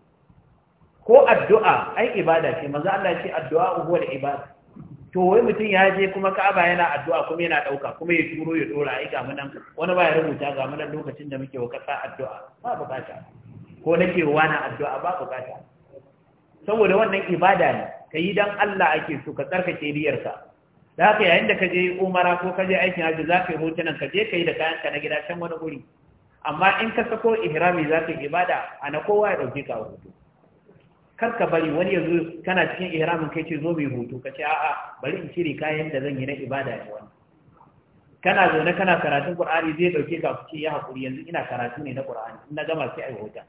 ko addu'a ai ibada ce manzo Allah ce addu'a ubu al-ibada to wai mutum ya je kuma ka'aba yana addu'a kuma yana ɗauka kuma ya turo ya ɗora ai ga munan wani ba ya rubuta ga munan lokacin da muke wa kasa addu'a ba bukata ko na nake wa na addu'a ba bukata saboda wannan ibada ne ka yi don Allah ake so ka tsarkake riyarka da haka yayin da ka je umara ko ka je aikin hajji za ka yi hotunan ka je ka yi da kayanka na gida can wani guri amma in ka sako ihrami za ka ibada a na kowa ya ɗauke ka hoto kar ka bari wani yanzu kana cikin ihramin kai ce zo mai hoto ka ce a'a bari in cire kayan da zan yi na ibada ne wani kana zaune kana karatun qur'ani zai dauke ka ku ce ya hakuri yanzu ina karatu ne na qur'ani in na gama sai ai hoton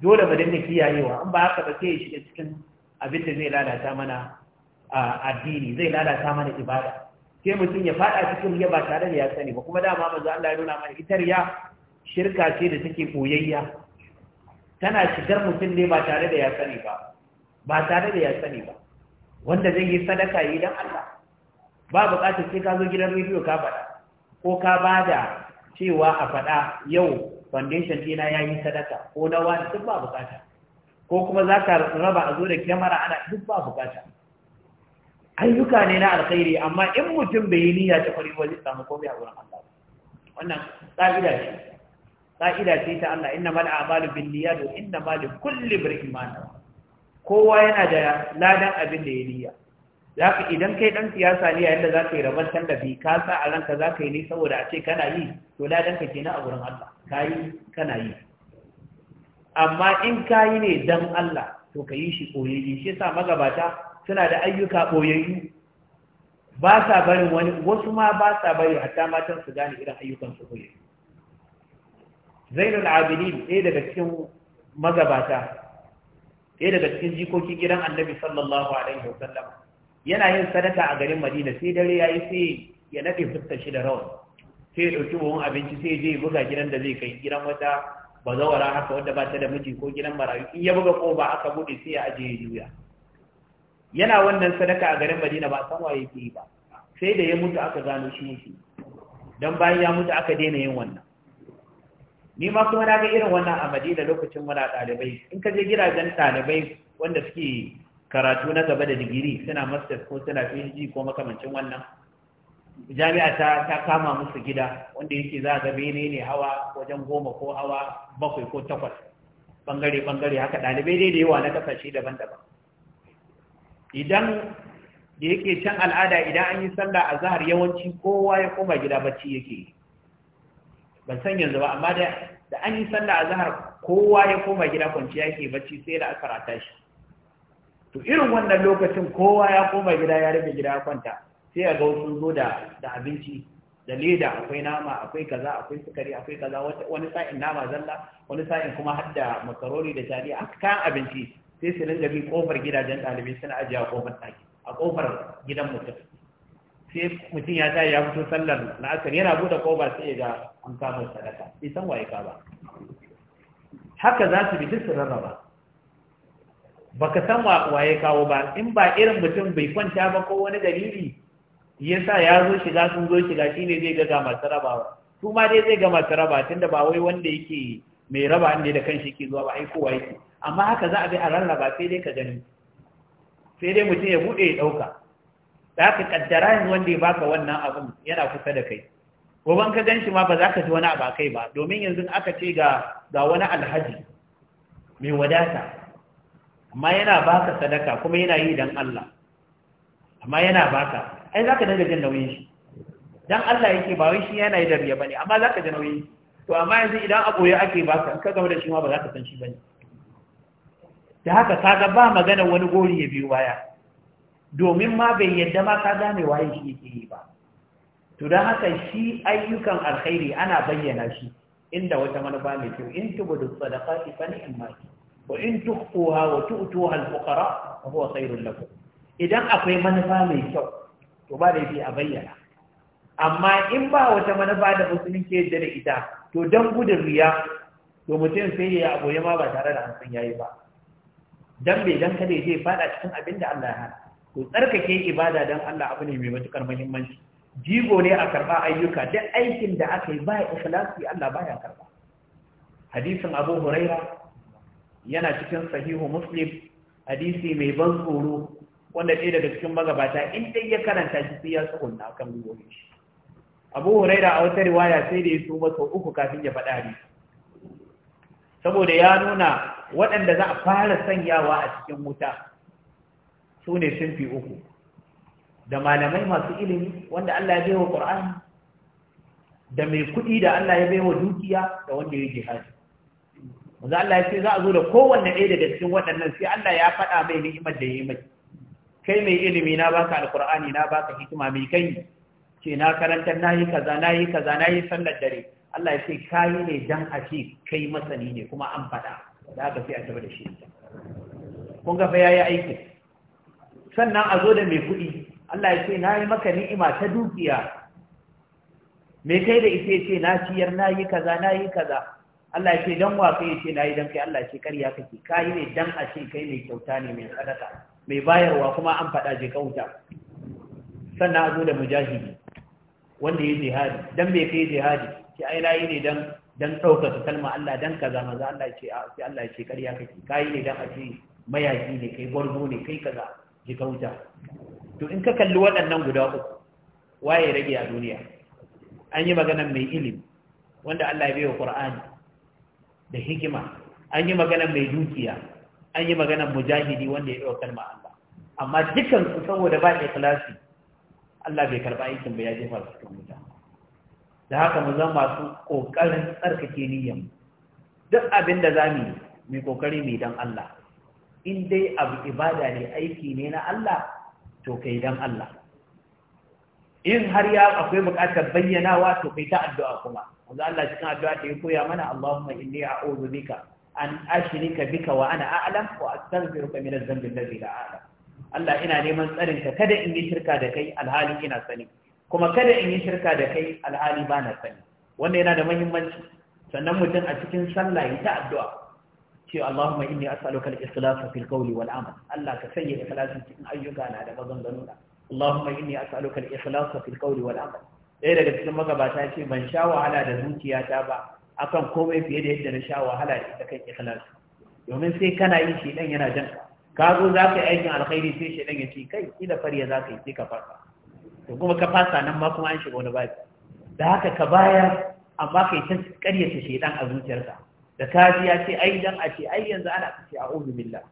dole mu dinga kiyayewa An ba haka ba sai ya shiga cikin abin da zai lalata mana addini zai lalata mana ibada sai mutum ya faɗa cikin riya ba tare da ya sani ba kuma dama manzo Allah ya nuna mana ita riya shirka ce da take koyayya tana shigar mutum ne ba tare da ya sani ba ba tare da ya sani ba wanda zai yi sadaka yi dan Allah ba bukatar sai ka zo gidan rediyo ka faɗa ko ka bada cewa a faɗa yau foundation ɗina ya yi sadaka ko na wani duk ba bukata ko kuma za ka raba a zo da kyamara ana duk ba bukata ayyuka ne na alkhairi amma in mutum bai yi niyya ta kwari wajen samu komai a wurin Allah wannan ƙa'ida ce ƙa'ida ce ta Allah inna mal a'malu bin niyyat inna mal kulli imrin kowa yana da ladan abin da ya niyya Za ka idan kai dan siyasa ne yayin da ka yi rabar tallafi ka sa a ranka za ka yi ne saboda a ce kana yi to da dan ka kenan a gurin Allah kai kana yi amma in yi ne dan Allah to ka yi shi koyayye shi yasa magabata suna da ayyuka koyayyu ba sa barin wani wasu ma ba sa bari hatta matan su gane irin ayyukan su koyayyu Zainul Abidin ɗaya daga cikin magabata ɗaya daga cikin jikokin gidan Annabi sallallahu alaihi wasallam yana yin sadaka a garin madina sai dare ya yi sai ya naɗe fuskar shi da rawar, sai ya ɗauki buhun abinci sai je ya buga gidan da zai kai gidan wata bazawara haka wanda ba ta da miji ko gidan marayu in ya buga ko ba aka buɗe sai ya ajiye juya yana wannan sadaka a garin madina ba san waye ke yi ba sai da ya mutu aka gano shi yake don bayan ya mutu aka daina yin wannan ni ma kuma na ga irin wannan a madina lokacin muna ɗalibai in ka je gidajen ɗalibai wanda suke karatu na gaba da digiri suna masters ko suna phd ko makamancin wannan jami'a ta ta kama musu gida wanda yake za ga bene ne hawa wajen goma ko hawa bakwai ko takwas bangare bangare haka dalibai dai da yawa na kasashe daban-daban idan da yake can al'ada idan an yi sallah a zahar yawanci kowa ya koma gida bacci yake ban san yanzu ba amma da an yi sallah a zahar kowa ya koma gida kwanciya yake bacci sai da aka rata shi to irin wannan lokacin kowa ya koma gida ya rufe gida ya kwanta sai a ga sun zo da da abinci da leda akwai nama akwai kaza akwai sukari akwai kaza wani sa'in nama zalla wani sa'in kuma har da makaroni da jari A kayan abinci sai su ringa bi kofar gidajen ɗalibai suna ajiye a kofar ɗaki a kofar gidan mutum sai mutum ya tashi ya fito sallar na asar yana bude koba sai ga an kama sadaka bai san waye ka ba haka za su bi duk su rarraba baka san waye kawo ba in ba irin mutum bai kwanta ba ko wani dalili yasa ya zo shiga sun zo shiga shine zai ga ga masu ba su ma dai zai ga masu raba tunda ba wai wanda yake mai raba ne da kanshi ke zuwa ba ai kowa yake amma haka za a bi a rarraba sai dai ka gani sai dai mutum ya bude ya dauka za ka kaddara yanzu wanda ya baka wannan abin yana kusa da kai gobe ka gan shi ma ba za ka ji wani abakai ba domin yanzu aka ce ga ga wani alhaji mai wadata amma yana baka sadaka kuma yana yi dan Allah amma yana baka ai zaka dinga jin nauyin shi dan Allah yake ba wai shi yana yi da ba bane amma zaka ji nauyin to amma yanzu idan a aboye ake baka in ka gama da shi ma ba za ka san shi bane da haka ga ba magana wani gori ya biyo baya domin ma bai yadda ma ka gane waye shi yake yi ba to don haka shi ayyukan alkhairi ana bayyana shi inda wata manufa mai kyau in tubudu sadaqati fa ni'mat وإن تخفوها وتؤتوها الفقراء فهو خير لكم idan akwai manufa mai kyau to ba da yake a bayyana amma in ba wata manufa da musulunci yadda da ita to don gudun riya to mutum sai ya abu ma ba tare da hansun yayi ba dan bai dan kada zai fada cikin abin da Allah ya hana to tsarkake ibada dan Allah abu ne mai matukar muhimmanci jigo ne a karba ayyuka duk aikin da aka yi ba ikhlasi Allah baya karba hadisin Abu Huraira yana cikin sahihu muslim hadisi mai ban tsoro wanda ɗaya daga cikin magabata in dai ya karanta shi sai ya tsohon na kan gwiwoyin shi abu huraira a wata riwaya sai da ya so masa uku kafin ya faɗa ne saboda ya nuna waɗanda za a fara sanyawa a cikin wuta su ne sun fi uku da malamai masu ilimi wanda Allah ya baiwa Qur'ani da mai kuɗi da Allah ya baiwa dukiya da wanda ya jihadi manzo Allah ya ce za a zo da kowanne ɗaya daga cikin waɗannan sai Allah ya faɗa mai ni'imar da ya yi mai kai mai ilimi na baka alqur'ani na baka hikima mai kai ce na na nayi kaza nayi kaza nayi sallar dare Allah ya ce kai ne dan a ce kai masani ne kuma an faɗa da haka sai a tafi da shi kun ga fa yayi aiki sannan a zo da mai kuɗi Allah ya ce na yi maka ni'ima ta dukiya me kai da ita ce na ciyar na yi kaza na yi kaza Allah ya ce dan wa kai ce nayi dan kai Allah ya ce ƙarya kake kai ne dan a ce kai mai kyauta ne mai sadaka mai bayarwa kuma an faɗa je kauta sannan a zo da mujahidi wanda ya jihadi dan bai kai jihadi ce ai nayi ne dan dan ta kalma Allah dan kaza maza Allah ce a sai Allah ya ce ƙarya kake kai ne dan a ce mayaki ne kai gurgu ne kai kaza je kauta to in ka kalli waɗannan guda uku waye rage a duniya an yi magana mai ilimi wanda Allah ya bai wa Qur'ani da hikima an yi maganar mai dukiya an yi maganar mujahidi wanda ya ɗaukar ma Allah amma dukkan su saboda ba ikhlasi Allah bai karba aikin ba ya jefa su cikin wuta da haka mu zama masu kokarin tsarkake niyyan duk abin da zamu yi mu kokari mai dan Allah in dai abu ibada ne aiki ne na Allah to kai dan Allah in har ya akwai bukatar bayyanawa to kai ta addu'a kuma manzo Allah cikin addu'a da ya koya mana Allahumma inni a'udhu bika an ashrika bika wa ana a'lam wa astaghfiruka min adh-dhanbi alladhi la a'lam Allah ina neman tsarin ka kada in yi shirka da kai alhali ina sani kuma kada in yi shirka da kai alhali ba na sani wannan yana da muhimmanci sannan mutum a cikin sallah ya ta addu'a ce Allahumma inni as'aluka al-ikhlasa fil qawli wal amal Allah ka sanya ikhlasin cikin ayyuka na da maganganu Allahumma inni as'aluka al-ikhlasa fil qawli wal amal ɗaya daga cikin magabata ce ban sha wahala da zuciyata ba akan komai fiye da yadda na sha wahala da ita kan ikhlas domin sai kana yi shi dan yana jan ka zo za ka yi aikin alkhairi sai shi dan ya ce kai kila fariya za ka yi sai ka fasa to kuma ka fasa nan ma kuma an shiga wani babi da haka ka bayar amma kai ta karyata shedan a zuciyarka da ji ya ce ai dan a ce ai yanzu ana kace a'udhu billah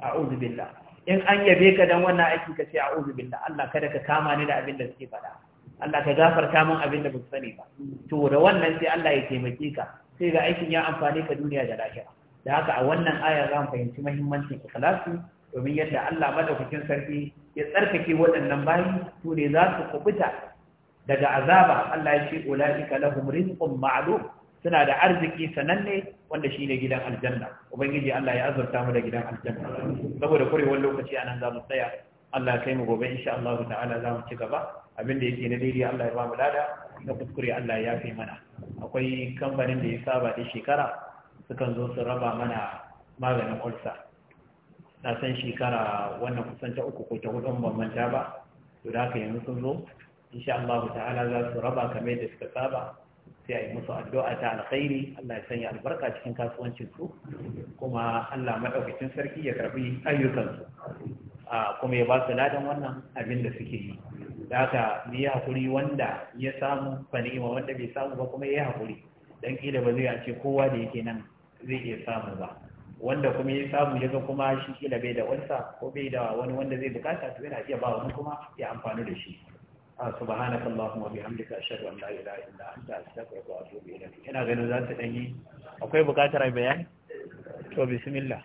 a'udhu billah in an yabe ka dan wannan aiki ka ce a'udhu billah Allah kada ka kama ni da abin da suke faɗa Allah ka gafarta min abin da baka sani ba to da wannan sai Allah ya taimake ka sai ga aikin ya amfane ka duniya da lafiya da haka a wannan aya za mu fahimci muhimmancin ikhlasi domin yadda Allah madaukakin sarki ya tsarkake waɗannan bayi to ne za su kubuta daga azaba Allah ya ce ulaika lahum rizqun ma'lum suna da arziki sananne wanda shi ne gidan aljanna ubangiji Allah ya azurta mu da gidan aljanna saboda kurewar lokaci anan za mu tsaya Allah ya kai mu gobe insha Allah ta'ala za mu ci gaba abin da yake na daidai Allah ya ba mu lada na kuskure Allah ya fi mana akwai kamfanin da ya saba da shekara sukan zo su raba mana maganin ulsa na san shekara wannan kusan ta uku ko ta hudu ban manta ba to da haka yanzu sun zo insha Allah ta'ala za su raba kamar da suka saba sai a yi musu addu'a ta alkhairi Allah ya sanya albarka cikin kasuwancin su kuma Allah madaukakin sarki ya karbi ayyukan su kuma ya ba su ladan wannan abin da suke yi da haka ni yi haƙuri wanda ya samu fa wanda bai samu ba kuma ya yi haƙuri dan kila ba zai ce kowa da yake nan zai iya samu ba wanda kuma ya samu ya ga kuma shi kila bai da wansa ko bai da wani wanda zai bukata to yana iya ba wani kuma ya amfani da shi سبحانك اللهم وبحمدك اشهد ان ta, اله الا انت استغفرك واتوب اليك ina ganin za su ɗan yi akwai bukatar bayani to bismillah